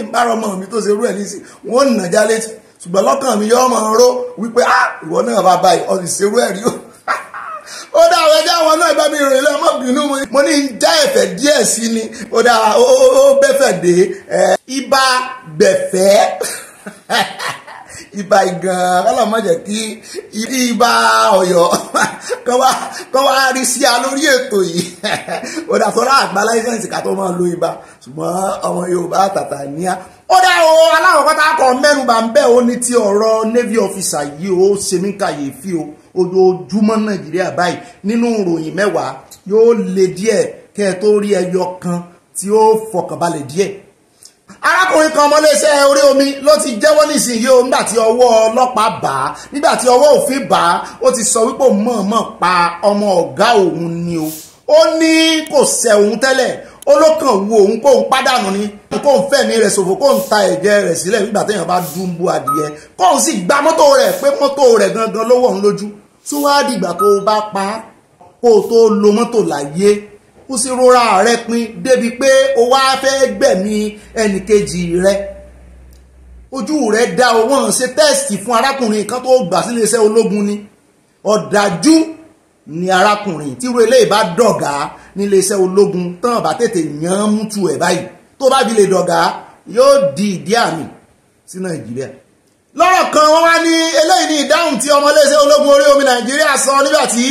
ń bá ọmọ mi tó ṣe rú ẹ̀ nísìn wọ́n ń nà já létí ṣùgbọ́n lọ́kàn mi yọ ọmọ ró wípé á ah, ìwọ náà bá báyìí ọ̀sìn ṣe rú ẹ̀ rí o [LAUGHS] ó dá àwọn ẹja àwọn náà bá mi rìn lọ ọmọ bínú mo ní já ẹ̀fẹ̀ díẹ̀ sí ni ó dá ó bẹ́fẹ̀ dé ibà gbẹ̀fẹ́. [LAUGHS] ibà ìgàn ọlọ́mọdé kí ilé ibà ọ̀yọ́ kọ́ wá rí sí a lórí ètò yìí [LAUGHS] ó dà sọ́ra àgbà láìsẹ̀nsì ká tó máa lo ibà ṣùgbọ́n ọmọ Yorùbá tàtà níyà ó dá o aláwọ̀kọ́ tá a ń bẹ́ ò ní ti ọ̀rọ̀ navy officer yìí ó ṣe mí kàyéfì o ojoojúmọ́ Nàìjíríà báyìí nínú ìròyìn mẹ́wàá yóò le díẹ̀ kẹ́ tó rí ẹyọ kan tí ó fọkànbalẹ̀ díẹ̀ arákùnrin kan ọmọléeṣẹ́ orí omi ló ti jẹ́wọ́ nísìnyí o nígbà tí ọwọ́ ọlọ́pàá bá a nígbà tí ọwọ́ òfin bá a ó ti sọ wípé mọ̀ọ́mọ̀ pa ọmọ ọ̀gá òun ni o ó ní kò ṣẹ̀ òun tẹ́lẹ̀ ó wo òun kóun pádànù ni kóun fẹ̀mí rẹ̀ ṣòfò kóun ta ẹ̀jẹ̀ rẹ̀ sílẹ̀ nígbà téèyàn bá dùn bú adìyẹ kóun sì gba mọ́tò rẹ̀ pé mọ́tò rẹ̀ gangan ló wọ̀ lójú tí wàá dìgbà tó bá pa kó o tó lo mọ́tò láyé ó sì rora rẹ pin débi pé o wá fẹ́ gbẹ̀mí ẹnìkejì rẹ ojú rẹ dá o wọ́n ṣe tẹ́sítì fún arákùnrin kan tó gbà síléeṣẹ́ ológun ni ọ̀dájú ni arákùnrin tírú eléyìí bá dọ̀gá níléeṣẹ́ ológun tán bá tètè yàn án mútu ẹ̀ báyìí tó bá fi lè dọ̀gá yóò di ìdí àmì sí nàìjíríà lọ́rọ̀ kan wọ́n wá ní eléyìí ní ìdáhùn tí ọmọléeṣẹ́ ológun orí omi nàìjíríà sọ nígbà tí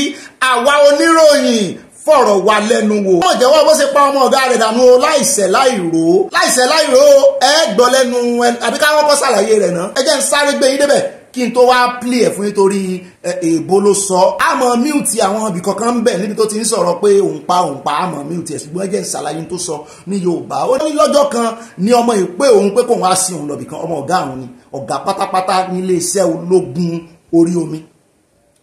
àwa oníròyìn fọ̀rọ̀ wa lẹ́nu wò. wọ́n jẹ́wọ́ bó ṣe pa ọmọ ọ̀gá rẹ̀ dànù o láìṣẹ̀ láìró láìṣẹ̀ láìró ẹ gbọ́ lẹ́nu àbí ká wọ́n kọ́ ṣàlàyé rẹ̀ náà ẹ jẹ́ ń sáré gbé yín débẹ̀ kí n tó wá plé ẹ̀ fún nítorí èèbó ló sọ àmọ́ mute àwọn ibì kankan ń bẹ̀ níbi tó ti ń sọ̀rọ̀ pé òun pa òun pa àmọ́ mute ẹ̀ ṣùgbọ́n ẹ jẹ́ ń ṣàlàyé tó sọ ní Yorùbá ó ní lọ́jọ́ kan ní ọmọ ìpè òun pé kóun wá sí òun lọ́bì kan ọmọ ọ̀gá òun ni ọ̀gá pátápátá nílé iṣẹ́ ológun orí omi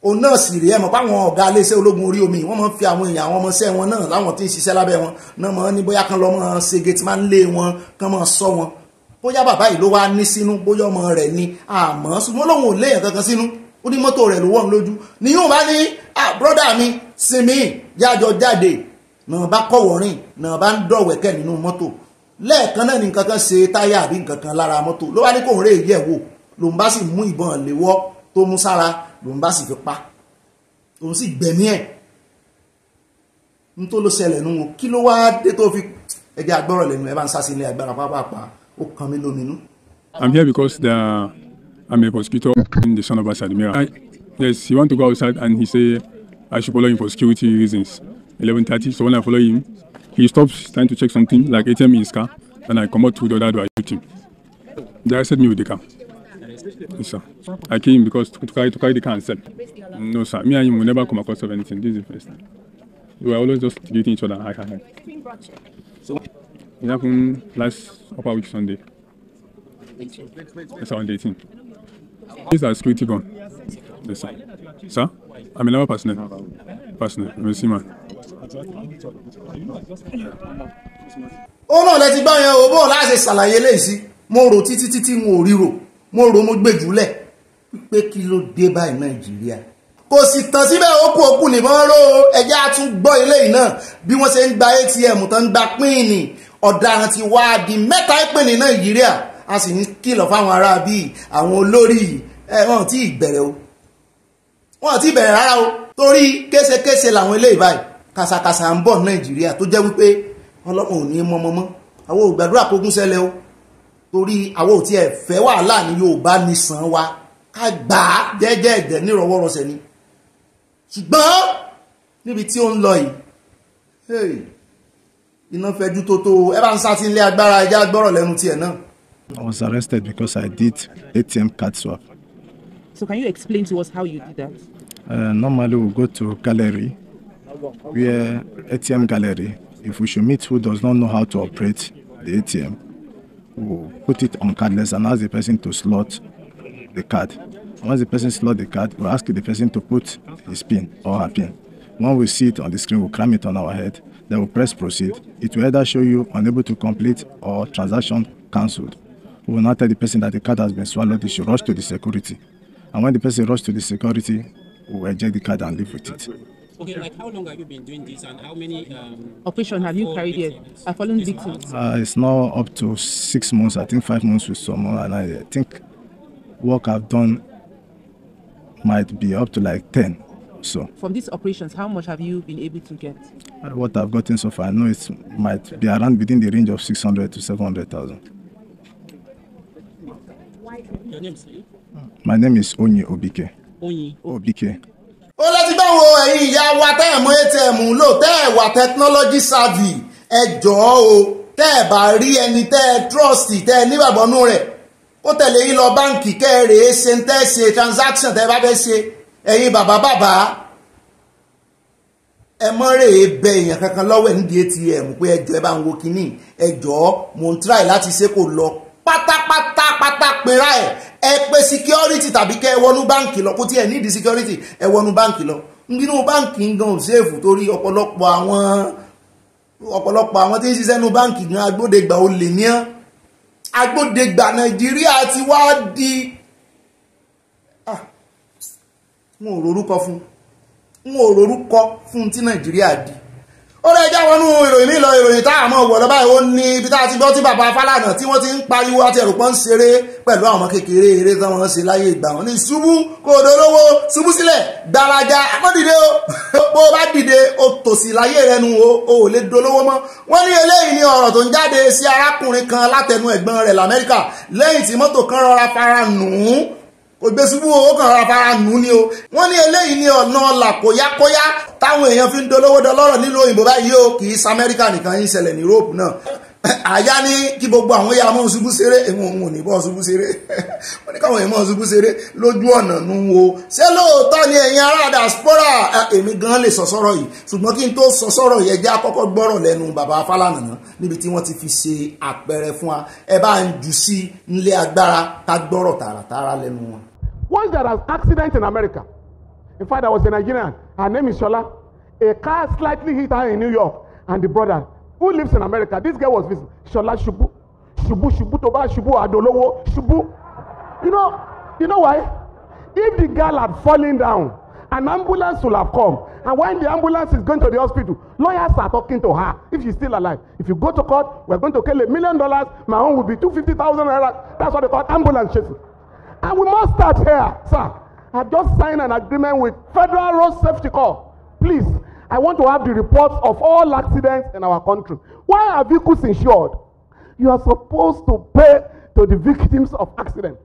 òun náà sì rèé mọ̀ páwọn ọ̀gá iléeṣẹ́ ológun orí omi wọ́n máa ń fi àwọn èèyàn àwọn ọmọọṣẹ́ wọn náà láwọn tí ń ṣiṣẹ́ lábẹ́ wọn náà máa ń ní bóyá kan lọ́ máa ṣe gate máa ń lé wọn kan máa sọ wọn bóyá bàbá yìí ló wá ní sínú bóyá ọmọ rẹ̀ ni àmọ́ ṣùgbọ́n lòun ò léèyàn kankan sínú ó ní mọ́tò rẹ̀ ló wọ́n lójú ni yóò bá ní brọ́dà mi sinmi jájọ jáde náà bá kọ̀wọ́rìn náà bá ń dọ̀wẹ́kẹ̀ nínú mọ́tò lẹ́ẹ̀kan náà ni nǹkan kan ṣe táyà àbí nǹkan kan lára mọ́tò ló wá ní kóun rè yẹ̀ wò lòun bá sì mú ìbọn léwọ́ tó mú sára lòun bá sì fi pa òun sì gbẹ̀mí ẹ̀ n ló ṣẹlẹ̀ nù kí ló wá dé tó fi ẹgbẹ́ agbọ́rọ̀ lẹ́nu ẹ bá ń sásí ilé agbára pàápàá ó kan mí lóminú. I'm here because the, I'm a prosecutor in the son of Asadimira. I, yes, he want to go outside and he say I should follow him for security reasons. 11:30, so when I follow him, he stops trying to check something like ATM in his car, and I come out through the other door, I shoot him. They arrested me with the car. Yes, sir. I came because to, carry, to carry the cancer. No, sir. Me and him will never come across of anything. This is the first time. We were always just getting each other. Hi, hi, So, it happened last upper week Sunday. Yes, sir, on the 18th. This is a security gun. Yes, sir. Sir, I'm a lover personnel. Personnel. I'm a seaman. ó náà lẹ ti gbọ́ yẹn o bó o láti ṣàlàyé léyìí sí mo rò títí títí n ò ríro mo rò mo gbé jùlẹ̀ pé kí ló dé báyìí nàìjíríà kò sì tàn síbẹ̀ òkú òkú nìbọn ró ẹ̀jẹ̀ á tún gbọ́ eléyìí náà bí wọ́n ṣe ń gba atm tó ń gba píìnì ọ̀daràn ti wá di mẹ́ta pín nàìjíríà a sì ń kìlọ̀ fáwọn ará bíi àwọn olórí ẹ̀ wọ́n ti bẹ̀rẹ̀ o wọ́n ti bẹ̀rẹ̀ rárá o torí késekése làwọn eléyìí báyìí kàsàkàsà ń bọ̀ nàìjíríà tó jẹ́ wípé ọlọ́run ò ní mọ́mọ́mọ́ àwọn ò gbàdúrà kógún ṣẹlẹ̀ torí àwọn ò tiẹ̀ fẹ́ wàhálà ní Yorùbá nìsan wa ká gbà á jẹ́jẹ́ ẹ̀dẹ̀ nírọ̀wọ́rọ̀sẹ̀ ni ṣùgbọ́n níbi tí ó ń lọ yìí iná fẹjú tó tó ẹ bá ń sá sí ilé agbára ẹjẹ agbọ́rọ̀ lẹ́nu tiẹ̀ náà. I was arrested because I did ATM card swap. So can you explain to us how you did that? Uh, normally we we'll go to gallery where ATM gallery if we should meet who does not know how to operate the ATM will put it on cardless and ask the person to slot the card. Once the person slot the card, we'll ask the person to put his pin or her pin. When we see it on the screen, we'll cram it on our head. Then we'll press proceed. It will either show you unable to complete or transaction cancelled. We will now tell the person that the card has been swallowed. They should rush to the security. And when the person rushes to the security, we will eject the card and leave with it. Okay, like how long have you been doing this and how many um, operations have you carried out? Are fallen victims? Uh, it's now up to six months, I think five months with someone, and I think work I've done might be up to like 10. So from these operations, how much have you been able to get? Uh, what I've gotten so far, I know it might be around within the range of 600 to 700,000. Your name, sir? My name is Ony Obike. Onyi Obike. ó lẹ́tí wo ẹ̀yin ìyá wa tẹ́ ẹ̀ mọ atm lò tẹ́ ẹ̀ wà technology savvy ẹ jọ̀ọ́ o tẹ́ ẹ̀ bá rí ẹni tẹ́ ẹ trust tẹ́ ẹ nígbàgbọ́nú rẹ̀ kó tẹ̀lé yín lọ báǹkì kẹ́ ẹ ṣe ń tẹ́ ṣe transaction tẹ́ ẹ bá fẹ́ ṣe ẹ̀yin bàbá bàbá ẹ mọ́ rèé bẹ èèyàn kankan lọ́wọ́ nídìí atm pé ẹ jọ̀ọ́ ẹ bá ń wo kínní ẹ jọ̀ọ́ mò ń try láti ṣe kò lọ pátápátá pátá pinra ẹ̀ ẹ pé security tàbí kẹ́ ẹ wọnú báǹkì lọ kó tí ẹ nídìí security ẹ wọnú báǹkì lọ nínú báǹkì gan òṣèfù torí ọ̀pọ̀lọpọ̀ àwọn ọ̀pọ̀lọpọ̀ àwọn tí ń ṣiṣẹ́ nínú báǹkì gan agbódegbà olè ní án agbódegbà nàìjíríà ti wá di wọn ah, ò rorúkọ fún wọn ò rorúkọ fún tí nàìjíríà di ó rẹ já wọnú ìròyìn mi lọ ìròyìn tá a mọ̀ wọ̀ lọ́ba ìwọ ní ibi tá a ti gbọ́ tí bàbá Fálànà tí wọ́n ti ń pariwo àti ẹ̀rù pọ́n ń ṣeré pẹ̀lú àwọn kékeré eré tí wọ́n ṣe láyé ìgbà wọn ní ṣubú kó o dolówó ṣubú sílẹ̀ gbalaja akọ́dìde o [LAUGHS] bó o bá dìde o tòsí láyé rẹ nu o o ò lè dolówó mọ́ wọ́n ní eléyìí ni ọ̀rọ̀ tó ń jáde sí arákùnrin kan látẹnu ẹ̀gbọ́n rẹ̀ l'Amẹ́ríkà lẹ́yìn tí mọ́tò kan rọra fara nù ún kò gbé ṣubú ó kàn nù ni o wọ́n ní eléyìí ní ọ̀nà ọ̀là kóyákóyá táwọn èèyàn fi ń dolówó dọlọ́rọ̀ nílùú òyìnbó báyìí o kì í ṣe amẹ́ríkà nìkan yín ṣẹlẹ̀ ní europe náà [CLEARS THROAT] àyá ní kí gbogbo àwọn ya mọ́ ṣubú ṣeré èmi òun ò ní bọ́ ṣubú ṣeré [LAUGHS] wọ́n ní káwọn èèyàn mọ́ ṣubú ṣeré lójú ọ̀nà nu wo ṣé lóòótọ́ ni ẹ̀yin ará diaspora èmi gan lè sọ sọ́rọ̀ yìí ṣùgbọ́n kí n tó sọ sọ́rọ̀ yẹn jẹ́ àkọ́kọ́ gbọ́rọ̀ lẹ́nu bàbá Fálànà níbi tí wọ́n ti fi ṣe àpẹẹrẹ fún wa ẹ bá ń jù sí nílé agbára ká gbọ́rọ̀ tààràtààrà lẹ́nu wọn. Once there was accident in America. In fact, I was a Nigerian. Her name is Shola. A car slightly hit her in New York, and the brother who lives in America. This girl was visiting Shola Shubu, Shubu Shubu Toba Shubu Adolowo Shubu. You know, you know why? If the girl had fallen down, an ambulance will have come. And when the ambulance is going to the hospital, lawyers are talking to her if she's still alive. If you go to court, we're going to kill a million dollars. My home will be two fifty thousand naira. That's what they call ambulance chasing. And we must start here, sir. I just signed an agreement with Federal Road Safety Corps. Please, I want to have the reports of all accidents in our country. Why are vehicles insured? You are supposed to pay to the victims of accidents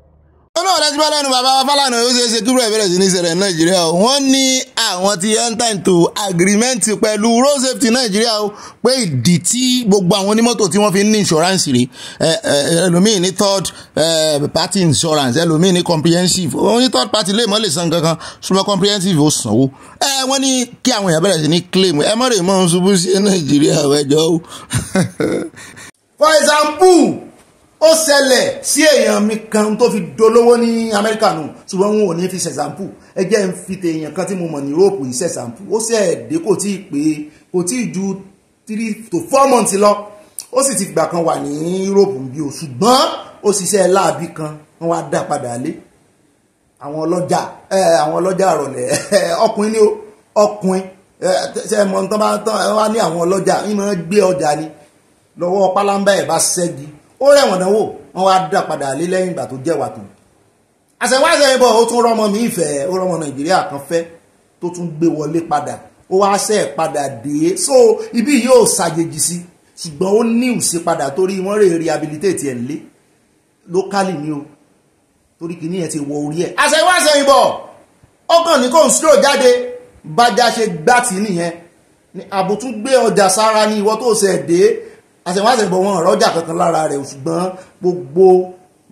olóòwò láti bá lẹ́nu bàbá Fálànà ó ṣeé ṣe kí rẹ̀ bẹ̀rẹ̀ sí ní ṣẹlẹ̀ Nàìjíríà o wọ́n ní àwọn ti enter into agreement pẹ̀lú road safety Nàìjíríà o pé ìdí tí gbogbo àwọn onímọ́tò tí wọ́n fi ń ní insurance rè ẹlòmíì ní third party insurance ẹlòmíì ní comprehensive òun ní third party lè mọ́ lè san kankan ṣùgbọ́n comprehensive ó sanwó ẹ wọ́n ní kí àwọn èèyàn bẹ̀rẹ̀ sí ní claim ẹ mọ̀ rè mọ́ ń ṣubú sí Nàìjíríà [LAUGHS] for example ó ṣẹlẹ̀ sí èèyàn mi kan tó fi dolówó ní amẹ́ríkà nù ṣùgbọ́n wọn ò ní fi ṣẹ̀sàmpù ẹ jẹ́ ń fi tèèyàn kan tí mo mọ̀ ní yúróòpù yìí ṣẹ̀sàmpù ó ṣẹ̀ẹ̀dẹ́ kò tí ì pé kò tí ì ju three to four months lọ ó sì ti gbà kan wà ní yúróòpù bí o ṣùgbọ́n ó ṣiṣẹ́ láàbí kan wọ́n wá dá padà lé àwọn ọlọ́jà àwọn ọlọ́jà àrọ̀lẹ̀ [LAUGHS] ọkùnrin ni ọkùnrin ṣe mọ̀ tán bá tán ní àwọn ọlọ́jà ń gbé ọjà ni lọ́wọ́ pálámbá ẹ̀ bá ṣẹ́gi ó rẹ̀wọ̀n dánwò wọn wá dá padà lé lẹ́yìn ìgbà tó jẹ́wàá tó àṣẹwá àṣẹyìn bọ̀ ó tún rọmọ mi ìfẹ́ ó rọmọ nàìjíríà kan fẹ́ tó tún gbé wọlé padà ó wá ṣe padà dé so ibi yóò ṣàjèjì sí ṣùgbọ́n ó ní ìṣípadà torí wọ́n rè rehabilitate ẹ̀ lé lókàlì ni o torí kìíní ẹ̀ ti wọ orí ẹ̀ àṣẹwá àṣẹyìn bọ̀ ọkàn ní kò ń stroke jáde bájá ṣe gbá tì nìyẹn àbùtún ọjà sára ní ìwọ tó ṣẹ̀ dé àṣẹwọ́n àṣẹgbọ̀n wọn rọ́jà kankan lára rẹ̀ ṣùgbọ́n gbogbo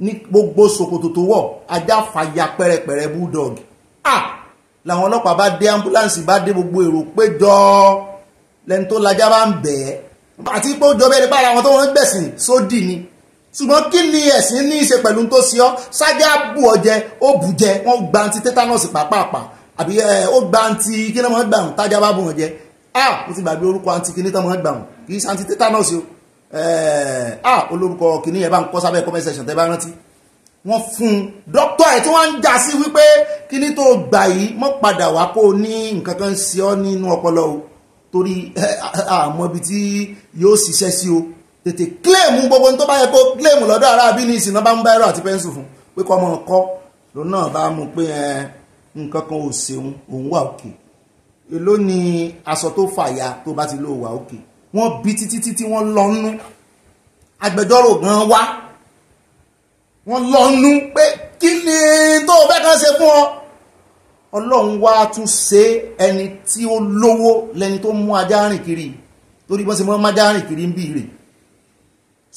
ní gbogbo ṣòkòtò tó wọ̀ ajá fàya pẹ́rẹpẹ̀rẹ bulldog ah làwọn ọlọ́pàá bá dé ambulance bá dé gbogbo èrò péjọ lẹ́ni tó lajá bá ń bẹ̀ ẹ́ àti pé ó bẹ́ẹ̀ nípa àwọn tó wọ́n gbẹ̀sìn sódì ni ṣùgbọ́n kí ni ẹ̀sìn ní í ṣe pẹ̀lú tó ṣe ọ́ ṣáájá bù ọ jẹ ó bù jẹ wọ́n gba anti tetanus pàápàá àbí ẹ ó gba anti kí ni wọ́n gbà wọ́n tájá bá bù wọ́n jẹ ah mo ti gbàgbé orúkọ anti kí ni tí wọ́n gbà wọ́n kì í ṣe anti tetanus o Eh, ah olórúkọ kìíní yẹn bá ń kọ́ sábẹ́ comment section tẹ́ bá rántí wọ́n fún un dókítà ẹ̀ tí wọ́n ń já sí wípé kíní tó gbà yìí mọ́ padà wá kó o ní nǹkan kan ṣe ọ́ nínú ọpọlọ o torí àmọ́ eh, ibi tí yóò ṣiṣẹ́ sí o tètè kílèmù gbogbo tó bá yẹ kó kílèmù lọ́dọ̀ ara bí ní ìsìn náà bá ń bá àti pẹ́ńsù fún pé kọ́ ọmọ ọkọ́ lòun náà bá mú pé eh, nǹkan kan ò ṣeun òun wà òkè èló ni aṣọ tó fàya tó bá ti lò wà òkè. Okay wọ́n bí títí títí wọ́n lọ́nú agbẹjọ́rò gan wá wọ́n lọ́nú pé kí ni tó fẹ́ kàn ṣe fún ọ ọlọ́run wá tún ṣe ẹni tí ó lówó lẹni tó mú ajá rìn kiri torí bọ́n ṣe mọ́ májá rìn kiri ń bí rè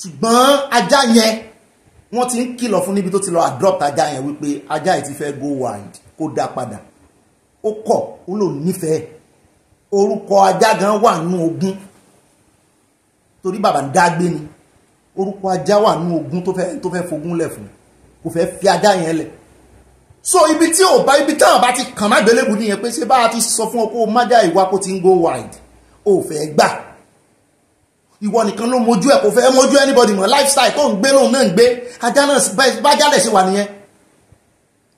ṣùgbọ́n ajá yẹn wọ́n ti ń kìlọ̀ fún níbi tó ti lọ adopt ajá yẹn wípé ajá yìí ti fẹ́ go wild kó dá padà ó kọ̀ ó lò nífẹ̀ẹ́ orúkọ ajá gan wà nínú ogún torí bàbá ń dágbé ni orúkọ ajá wà nínú ogun tó fẹ́ tó fẹ́ fogún lẹ̀ fún kò fẹ́ fi ajá yẹn lẹ̀ so ibi tí ò bá ibi táwọn bá ti kàn má gbélébù nìyẹn pé ṣé bá a ti sọ fún ọ kó o má já ìwà kó ti ń go wide ò fẹ́ gbà ìwọ nìkan ló mojú ẹ kò fẹ́ mojú anybody mọ́ lifestyle tó ń gbé lóun náà ń gbé ajá náà bá jálẹ̀ ṣe wà nìyẹn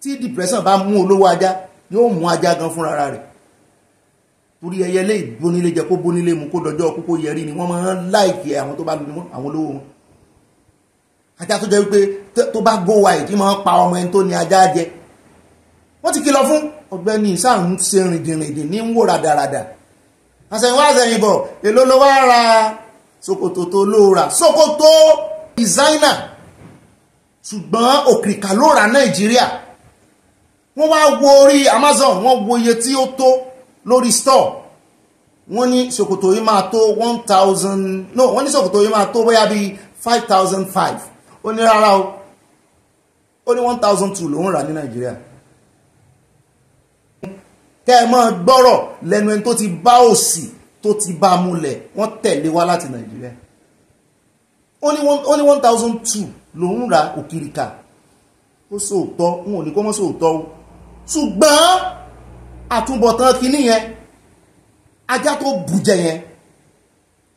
tí depression bá mú olówó ajá yóò mú ajá gan fúnra rẹ̀ torí ẹyẹlé ìbónílé jẹ kó bónílé mu kó dọjọ́ kókó yẹrí ni wọ́n máa ń láìkì àwọn tó bá lu àwọn olówó wọn ajá tó jẹ́ wípé tó bá go wa ìdí máa ń pa ọmọ ẹni tó ní ajá jẹ wọ́n ti kìlọ̀ fún ọ̀gbẹ́ni sáà ń ṣe rìndìnrìndìn ní ń wò ràdàràdà àṣẹyìnwá àṣẹyìnbọ̀ èló ló wá ra ṣòkòtò tó ló ra ṣòkòtò designer ṣùgbọ́n òkìrìkà ló ra nàìjíríà wọ́n wá wo orí amazon wọ́n wo iye tí ó tó lórí store wọ́n ní ṣòkòtò yìí máa tó one thousand no wọ́n ní ṣòkòtò yìí máa tó bóyá bíi five thousand five ó ní rárá o ó ní one thousand two lòún rà ní nàìjíríà kẹ́ ẹ máa gbọ́rọ̀ lẹ́nu ẹni tó ti bá òsì tó ti bá múlẹ̀ wọ́n tẹ̀lé wá láti nàìjíríà ó ní one thousand two lòún rà òkìrìkà ó sòótọ́ n ò ní kó mọ́ sòótọ́ o ṣùgbọ́n àtúbọ̀tán kìíní yẹn ajá tó bùjẹ yẹn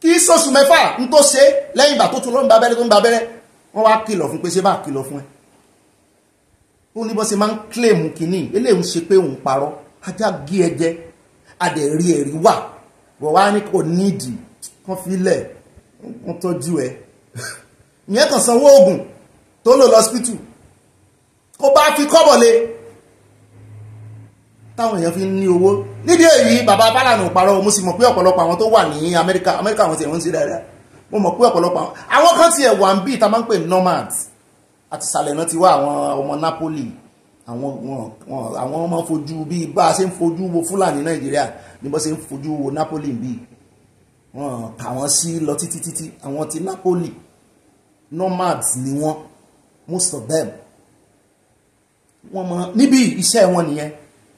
kí sọ́sù mẹ́fà ń tó ṣe lẹ́yìn ìgbà tó tún lọ ń babẹ́rẹ́ tó ń babẹ́rẹ́ wọ́n wá kìlọ̀ fún pé ṣe bá kìlọ̀ fún ẹ ó ní bọ́ ṣe máa ń kílèmù kìíní eléyìí ń ṣe pé òun parọ́ ajá gé ẹ jẹ adẹ̀rí ẹ̀rí wà wọ́n wá ní kò nídìí kán filẹ̀ wọ́n tọ́jú ẹ ìyẹn kàn sanwó oògùn tó lò lọ́sípítù kó bá fi kọ́bọ̀ lé táwọn èèyàn fi ń ní owó nídìí èyí bàbá Fálànà parọ́ mo sì mọ̀ pé ọ̀pọ̀lọpọ̀ àwọn tó wà ní Amẹ́ríkà Amẹ́ríkà àwọn tiẹ̀ ń ṣe dáadáa mo mọ̀ pé ọ̀pọ̀lọpọ̀ àwọn àwọn kan tiẹ̀ wà ń bí ìta máa ń pè nomads àti ìsàlẹ̀ náà ti wá àwọn ọmọ Napoli àwọn wọn àwọn ọmọ fojú bí bá a ṣe ń fojú wo fúlàní nàìjíríà ní bó ṣe ń fojú wo napoli bí wọn kà wọn sí lọ títí títí àwọn ti napoli nomads ni wọn most of them wọn mọ níbi iṣẹ́ wọn nìyẹn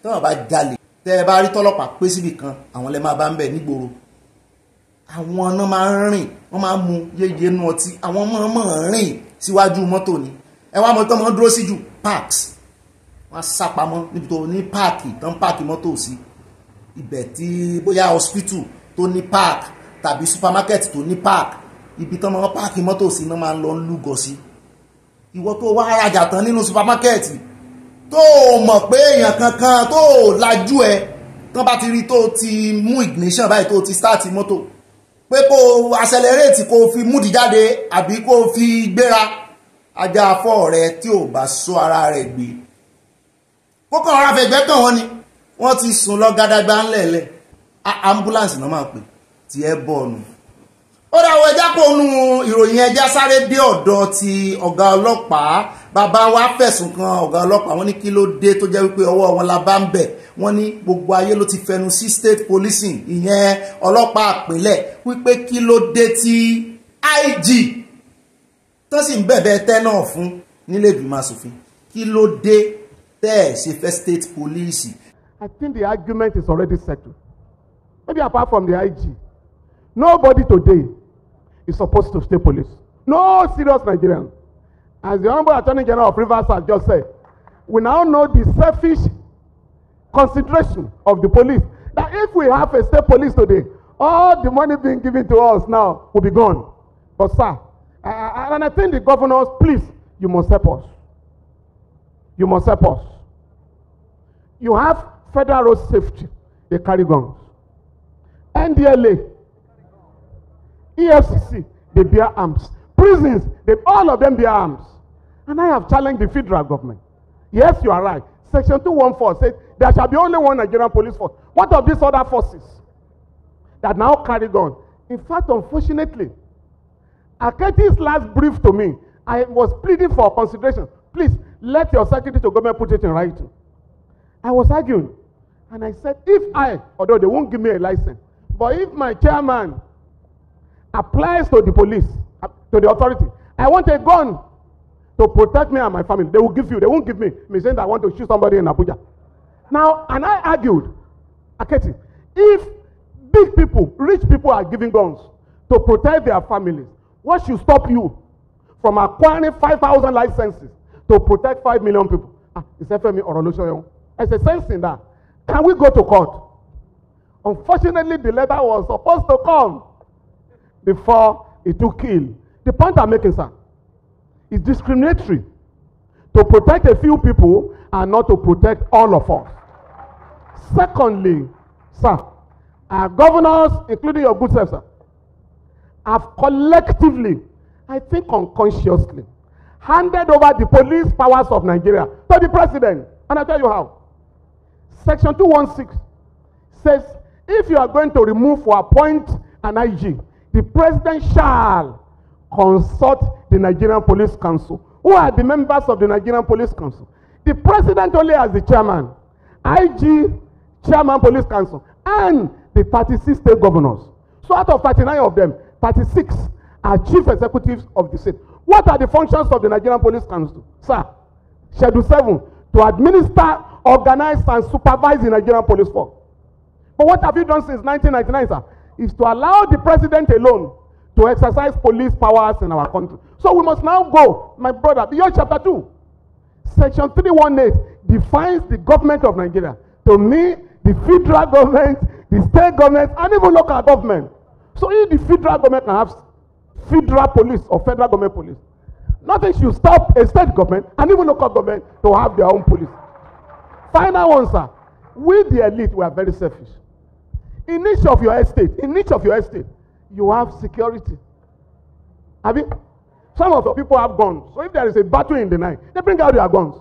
tọ́wọ́n bá jalè tẹ́ ẹ bá rí tọ́lọ́pàá pé síbì kan àwọn lẹ́ máa bá ń bẹ̀ nígboro àwọn ọ̀nà máa ń rìn wọ́n máa ń mu yéye nu ọtí àwọn ọmọ ọmọ rìn síwájú mọ́tò ni ẹ wá mọ́tò mọ́ dúró sí parks wọ́n á sá pamọ́ níbi tó ní páàkì tó ń páàkì mọ́tò sí ibẹ̀ tí bóyá hospital tó ní park tàbí supermarket tó ní park ibi tó máa ń páàkì mọ́tò sí náà máa ń lọ lúgọ sí ìwọ tó wá rajà tán nínú supermarket tó o mọ̀ pé èèyàn kankan tó o lajú ẹ tán bá ti rí tó o ti mú ignition báyìí tó ti start mọ́tò pé kó accelerate kó fi múdi jáde àbí kó o fi gbéra ajá afọ́ rẹ tí ò bá sọ ara rẹ gbé kókó ọ̀rọ̀ afẹ́gbẹ́ kàn wọ́n ni wọ́n ti sùn lọ gàdàgbà ńlẹ̀ẹ́lẹ̀ ambulance náà máa pè tí ẹ bọ̀ ọ̀nù ó dáwọ́ ẹja kó nu ìròyìn ẹja sáré dé ọ̀dọ̀ ti ọ̀gá ọlọ́pàá bàbá wa fẹ̀sùn kan ọ̀gá ọlọ́pàá wọn ní kí ló dé tó jẹ́ wípé ọwọ́ wọn la bá ń bẹ̀ wọ́n ní gbogbo ayé ló ti fẹnu sí state policing ìyẹn ọlọ́pàá àpilẹ̀ wípé kí ló dé tí IG tó sì ń bẹ̀bẹ̀ tẹ́ náà fún nílé ìgbìmọ̀ asòfin kí ló dé tẹ́ ẹ̀ ṣe fẹ́ state police. I think the argument is already settled maybe apart from the IG nobody today is supposed to stay police. No serious Nigerians. As the Honorable Attorney General of Rivers has just said, we now know the selfish consideration of the police. That if we have a state police today, all the money being given to us now will be gone. But sir, uh, and I think the governors, please, you must help us. You must help us. You have federal safety, they carry guns. NDLA EFCC, they bear arms. Prisons, they, all of them bear arms. And I have challenged the federal government. Yes, you are right. Section 214 says there shall be only one Nigerian police force. What of these other forces that now carry guns? In fact, unfortunately, Aketi's last brief to me, I was pleading for consideration. Please, let your secretary to government put it in writing. I was arguing, and I said, if I, although they won't give me a license, but if my chairman applies to the police, uh, to the authority. I want a gun to protect me and my family. They will give you. They won't give me. Me saying that I want to shoot somebody in Abuja. Now, and I argued, Aketi, if big people, rich people are giving guns to protect their families, what should stop you from acquiring 5,000 licenses to protect 5 million people? Ah, it's FME or Olusoyon. There's a sense in that. Can we go to court? Unfortunately, the letter was supposed to come before it will kill. The point I'm making, sir, is discriminatory to protect a few people and not to protect all of us. Secondly, sir, our governors, including your good self, sir, have collectively, I think unconsciously, handed over the police powers of Nigeria to the president. And I tell you how. Section 216 says if you are going to remove or appoint an IG, the president shall consult the Nigerian Police Council. Who are the members of the Nigerian Police Council? The president only as the chairman, IG, chairman police council, and the 36 state governors. So out of 39 of them, 36 are chief executives of the state. What are the functions of the Nigerian Police Council? Sir, Schedule 7, to administer, organize, and supervise the Nigerian Police Force. But what have you done since 1999, sir? is to allow the president alone to exercise police powers in our country. So we must now go, my brother, beyond chapter 2. Section 318 defines the government of Nigeria. To me, the federal government, the state government, and even local government. So if the federal government can have federal police or federal government police, nothing should stop a state government and even local government to have their own police. Final answer. We, the elite, we are very selfish in each of your estate in each of your estate you have security Have you? some of the people have guns so if there is a battle in the night they bring out their guns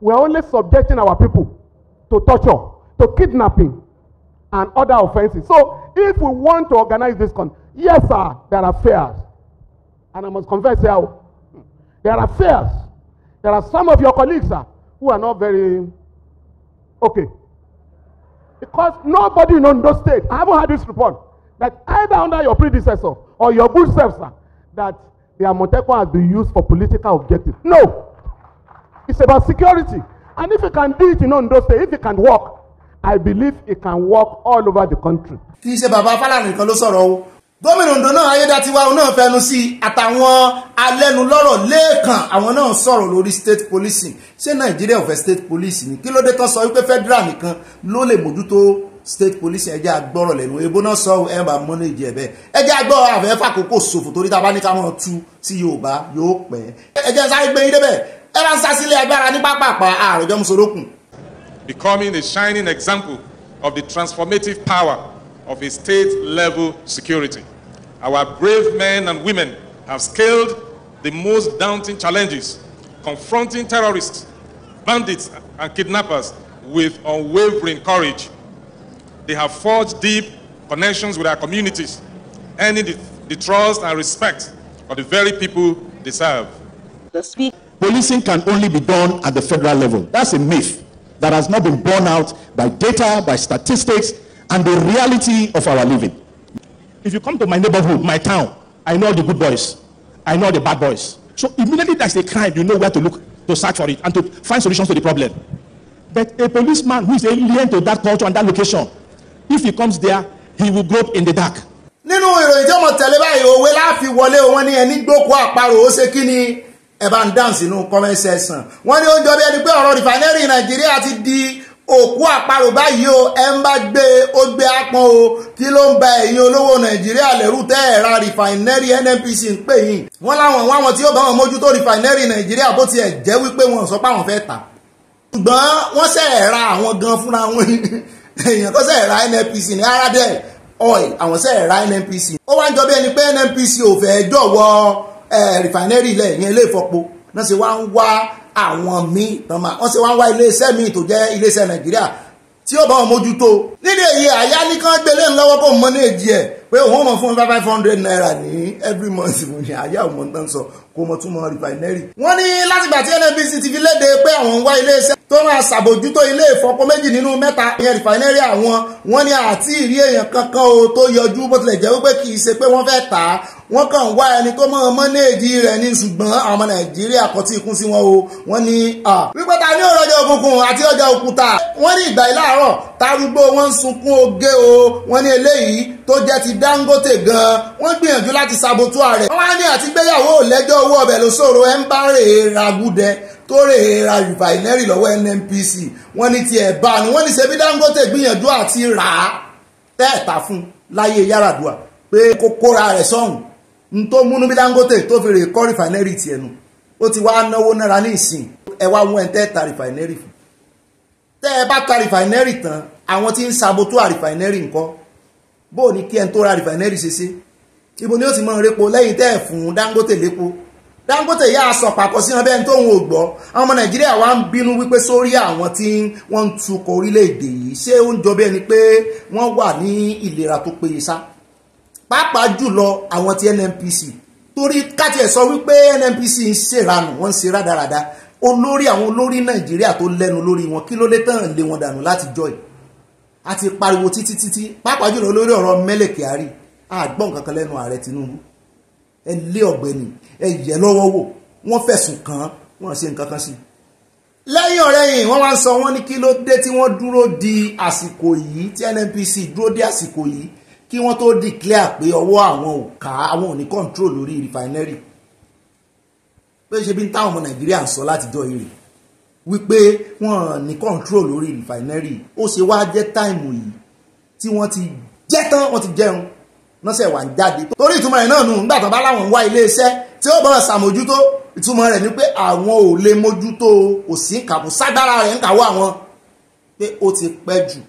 we are only subjecting our people to torture to kidnapping and other offences so if we want to organize this country yes sir there are fears and i must confess here oh, there are fears there are some of your colleagues sir who are not very okay Because nobody in Ondo State, I haven't had this report, that either under your predecessor or your good self, sir, that the Amotekwa has been used for political objectives. No. It's about security. And if you can do it in Ondo State, if it can work, I believe it can work all over the country gómìnà Ondo náà Ayédátiwa náà fẹnu sí àtàwọn alẹ́nulọ́rọ̀ lẹ́ẹ̀kan àwọn náà sọ̀rọ̀ lórí state policing ṣé Nàìjíríà ò fẹ́ state police kí ló dé tán sọ wípé federal nìkan ló lè mójútó state policing ẹjẹ́ agbọ́rọ̀ lẹ́nu ebó náà sọ ẹ bá mọ́nà ìjì ẹ̀bẹ́ ẹjẹ́ agbọ́rọ̀ àfẹ́ fàkókò ṣòfò torí tá ní ká tú sí Yorùbá yóò pẹ́ ẹjẹ́ sáré gbé yín débẹ̀ ẹ bá ń sá agbára ní pápápá àròjọ́ musolókun. Becoming a shining example of the transformative power of a state-level security. Our brave men and women have scaled the most daunting challenges, confronting terrorists, bandits, and kidnappers with unwavering courage. They have forged deep connections with our communities, earning the, the trust and respect of the very people they serve. Policing can only be done at the federal level. That's a myth that has not been borne out by data, by statistics, and the reality of our living. If you come to my neighborhood, my town, I know the good boys, I know the bad boys. So immediately that's a crime, you know where to look to search for it and to find solutions to the problem. But a policeman who is alien to that culture and that location, if he comes there, he will grope in the dark. nínú ìròyìn tí ọmọ tẹ̀lé báyìí òwe láàfi wọlé wọn ní ẹni gbókò àparò ó ṣe kí ni ẹ̀ bá ń dáhùn sínú kọ́mẹ́sẹ̀sán wọ́n ní ó bí ẹni pé ọ̀rọ̀ rìfánẹ́rì nàìjíríà ti di òkú àparò báyìí o ẹ ń bá gbé ó gbé apọn o kí ló ń ba ẹ̀yin olówó nàìjíríà lẹ́rù tẹ́ ẹ̀ ra rìfàìnẹ́rì nnpc ń pè yín wọ́n láwọn wá wọn tí yóò bá wọn mójútó rìfàìnẹ́rì nàìjíríà bó tiẹ̀ jẹ́ wípé wọn ò sọ pé àwọn fẹ́ tà ṣùgbọ́n wọ́n ṣe ẹ̀ àwọn gan fúnra wọn [LAUGHS] èèyàn tó ṣe nnpc ní aradel oil àwọn ṣe ẹ̀ ra nnpc ó wá ń jọ bí ẹni pé nnpc ò fẹ́ jọ̀wọ́ rìfàìnẹ́rì ilẹ̀ ìyẹn ilé ìfọpo náà ṣe wá ń wá àwọn míì tán máa wọ́n sì wá ń wá iléeṣẹ́ míì tó jẹ́ iléeṣẹ́ nàìjíríà tí ó bá wọn mójútó nílé èyí àyá ní kán gbélé ńlọ́wọ́ kó mọ ní èjì ẹ̀ pé òun mọ̀ fún five hundred naira ní every month mo ní àyá òun tán sọ kó mọ túmọ̀ rìfàìnẹ́rì. wọ́n ní látìgbà tí nnpc ti fi léde pé àwọn ń wá iléeṣẹ́ tó máa ṣàbójútó ilé ìfọpo méjì nínú mẹ́ta ìyẹn rìfàìnẹ́rì àwọn wọ́n ní àti ìrí èèyàn kankan o tó yọjú bó tilẹ̀ jẹ́ wípé kì í ṣe pé wọ́n fẹ́ tà á wọ́n kàn wá ẹni tó mọ̀ mọ́nẹ́ẹ̀dì rẹ̀ ní ṣùgbọ́n àwọn ọmọ nàìjíríà kò tí ì kún sí wọn o wọ́n ní à. wípé ta ní ọ̀rọ̀ ọjọ́ òkùnkùn àti ọjọ́ òkúta wọ́n ní ìgbà ìlàárọ̀ tarúgbó wọ́n ń sunkún oge o wọ́n ní eléyìí tó jẹ́ ti Dangote gan wọ́n gbìyànjú láti sabotu ààrẹ. wọ́n wá ní àtigbéyàwó lẹ́jọ́ owó ọbẹ̀ ló ṣòro ẹ̀ ń bá rèé ragúdẹ ra rìfàìnẹ́rì lọ́wọ́ NNPC wọ́n ní tiẹ̀ bá ní wọ́n ní ṣebí Dangote gbìyànjú àti rà á tẹ́ẹ̀ta fún láyé Yar'Adua pé kó kóra rẹ̀ sọ́hùn n tó múnú bí Dangote tó fi rè kọ́ rìfàìnẹ́rì tiẹ̀ nù ó ti wá náwó náírà ní ìsìn ẹ wá wọn tẹ́ ta rìfàìnẹ́rì fún tẹ́ ẹ bá ta rìfàìnẹ́rì tán àwọn tí ń saboto àrìfàìnẹ́rì nǹkan bó ní kí ẹ tó ra rìfàìnẹ́rì ṣe sí ibo ni ó ti mọ ìrẹ́po lẹ́yìn tẹ́ ẹ fún Dangote lépo Dangote yà á sọ pàkọ́ sí wọn bẹ́ẹ̀ tó ń wò gbọ́ àwọn ọmọ Nàìjíríà wa ń bínú wípé sórí àwọn tí wọ́n ń tukọ̀ orílẹ̀-èdè yìí ṣé ó bẹ́ẹ̀ ni pé wọ́n wà ní ìlera tó péye sá pàápàá jùlọ àwọn ti NNPC torí káti ẹ̀ sọ wípé NNPC ń ṣèrànù wọ́n ń ṣe rádaràda olórí àwọn olórí Nàìjíríà tó lẹ́nu lórí wọn kí ló lè tán lé wọn dànù láti jọ yìí àti pariwo títí títí pàápàá jùlọ lórí ọ̀rọ̀ Mẹ́lẹ̀ Kyari àgbọ̀n kankan lẹ́nu ààrẹ Tinubu ẹ lé ọ̀gbẹ́ni ẹ yẹ lọ́wọ́ wò wọ́n fẹ̀sùn kàn án wọ́n ṣe nǹkan kan sí i lẹ́yìn ọ̀rẹ́yìn wọ́n wá ń sọ wọ́n ní kí ló dé tí wọ́n dúró di àsìkò yìí tí NNPC dúró di àsìkò yìí kí wọ́n tó declare pé ọwọ́ àwọn ò ká àwọn ò ní control lórí refinery pé ṣe bí ń táwọn ọmọ nàìjíríà ń sọ látijọ́ èrè wípé wọ́n ní control lórí refinery ó ṣe wá jẹ́ táìmù yìí tí wọ́n ti jẹ́ tán wọ́n ti jẹun lọ́sẹ̀ wà ń jáde torí ìtumọ̀ rẹ̀ náà nù nígbà tán bá láwọn ń wá iléeṣẹ́ tí ó bọ́ ṣàmójútó ìtumọ̀ rẹ̀ ni pé àwọn ò lè mójútó òsì ń kàkùn ságbára rẹ̀ ń kàwọ́ àwọn pé ó ti pẹ́ jù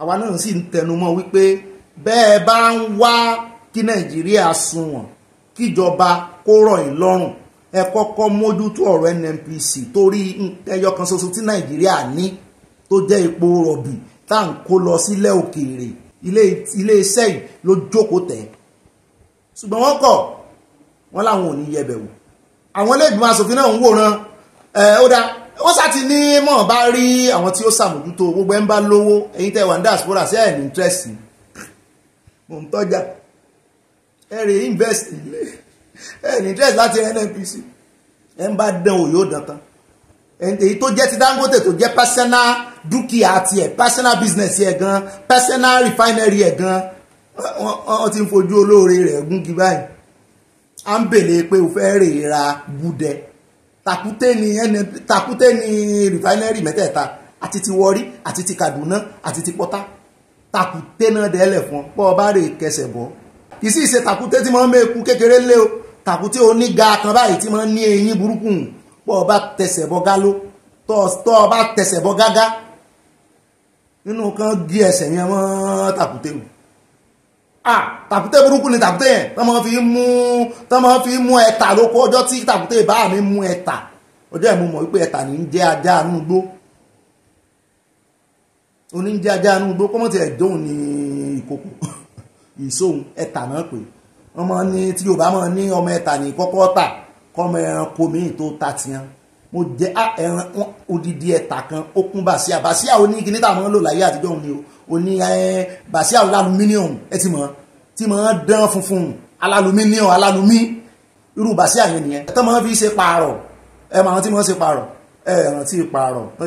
àwa náà sì ń tẹnumọ́ wípé bẹ́ẹ̀ bá ń wá kí nàìjíríà sunwọ̀n kíjọba kó rọ̀ yín lọ́rùn ẹ kọ́kọ́ mójútó ọ̀rọ̀ nnpc torí ẹyọ kan ṣoṣo tí nàìjíríà ní tó jẹ́ epo rọ̀bì tá à ń kó lọ sílẹ̀ òkèèrè iléeṣẹ́ yìí ló jókòó tẹ̀ ṣùgbọ́n wọ́n kọ̀ wọ́n láwọn ò ní yẹ̀bẹ̀ wò àwọn iléègbìmọ̀ asòfin náà ń wòran ẹ̀ ó dáa ó sáti ní mọ̀ bá rí àwọn tí ó ṣàmójútó gbogbo ẹ̀ ń bá lówó ẹ̀yin tẹ́ wà ní diaspora sí ẹ̀ ní interest mò ń tọ́jà ẹ invest nílé ẹ ní interest láti NNPC ẹ ń bá dán o yóò dán tán èyí tó jẹ́ ti Dangote tó jẹ́ personal dúkìá tiẹ̀ personal business yẹ gan personal refinery yẹ gan wọ́n ti ń fojú olóore rẹ̀ gúngi báyìí à ń bèlè pé o fẹ́ rè ra gúdẹ takute ni tàkúté ni refinery mẹ́tẹ̀ẹ̀ta àti ti Warri àti ti Kaduna àti ti Port takùté náà dẹ́lẹ̀ fún ọ pọ́ ọ bá rè kẹsẹ̀ bọ́ kì í sì ṣe takùté tí mo ń mẹ́kú kékeré lé o takùté oníga kan báyìí tí mo ń ní eyín burúkú pọ́ ọ bá tẹsẹ̀ bọ́ gáló tọ́ ọ bá tẹsẹ̀ bọ́ gágá nínú kan gé ẹsẹ̀ yẹn mọ́ takùté o ah takùté burúkú ni takùté yẹn tọ́ mọ́ fi mú tọ́ mọ́ fi mú ẹ̀ta lóko ọjọ́ tí takùté bá mi mú ẹ̀ta ọjọ́ ìmú mọ̀ wípé ẹ̀ta ní í jẹ́ ajá àánú gbó oníjẹ́ ajá inú igbó kọ́mọ̀tì ẹ̀dóhùn ní ìkòkò ìṣóhun ẹ̀tà náà pé wọ́n máa ní tí yorùbá máa ní ọmọ ẹ̀tà ní kọ́kọ́ tà kọ́mọ ẹranko míì tó ta tiyan mo jẹ ẹran odidi ẹ̀tà kan ó kún bàṣíà bàṣíà ó ní kíní táwọn ń lò láyé àtijọ́ òun ni ó ní bàṣíà aluminium ẹ ti mọ̀ tí mọ̀ ń dán funfun aluminium alumi irú bàṣíà yẹn nìyẹn tó máa fi ṣe pààrọ̀ ẹ máa tí mọ̀ ń ṣe pààrọ̀ ẹ rántí pààrọ̀ pé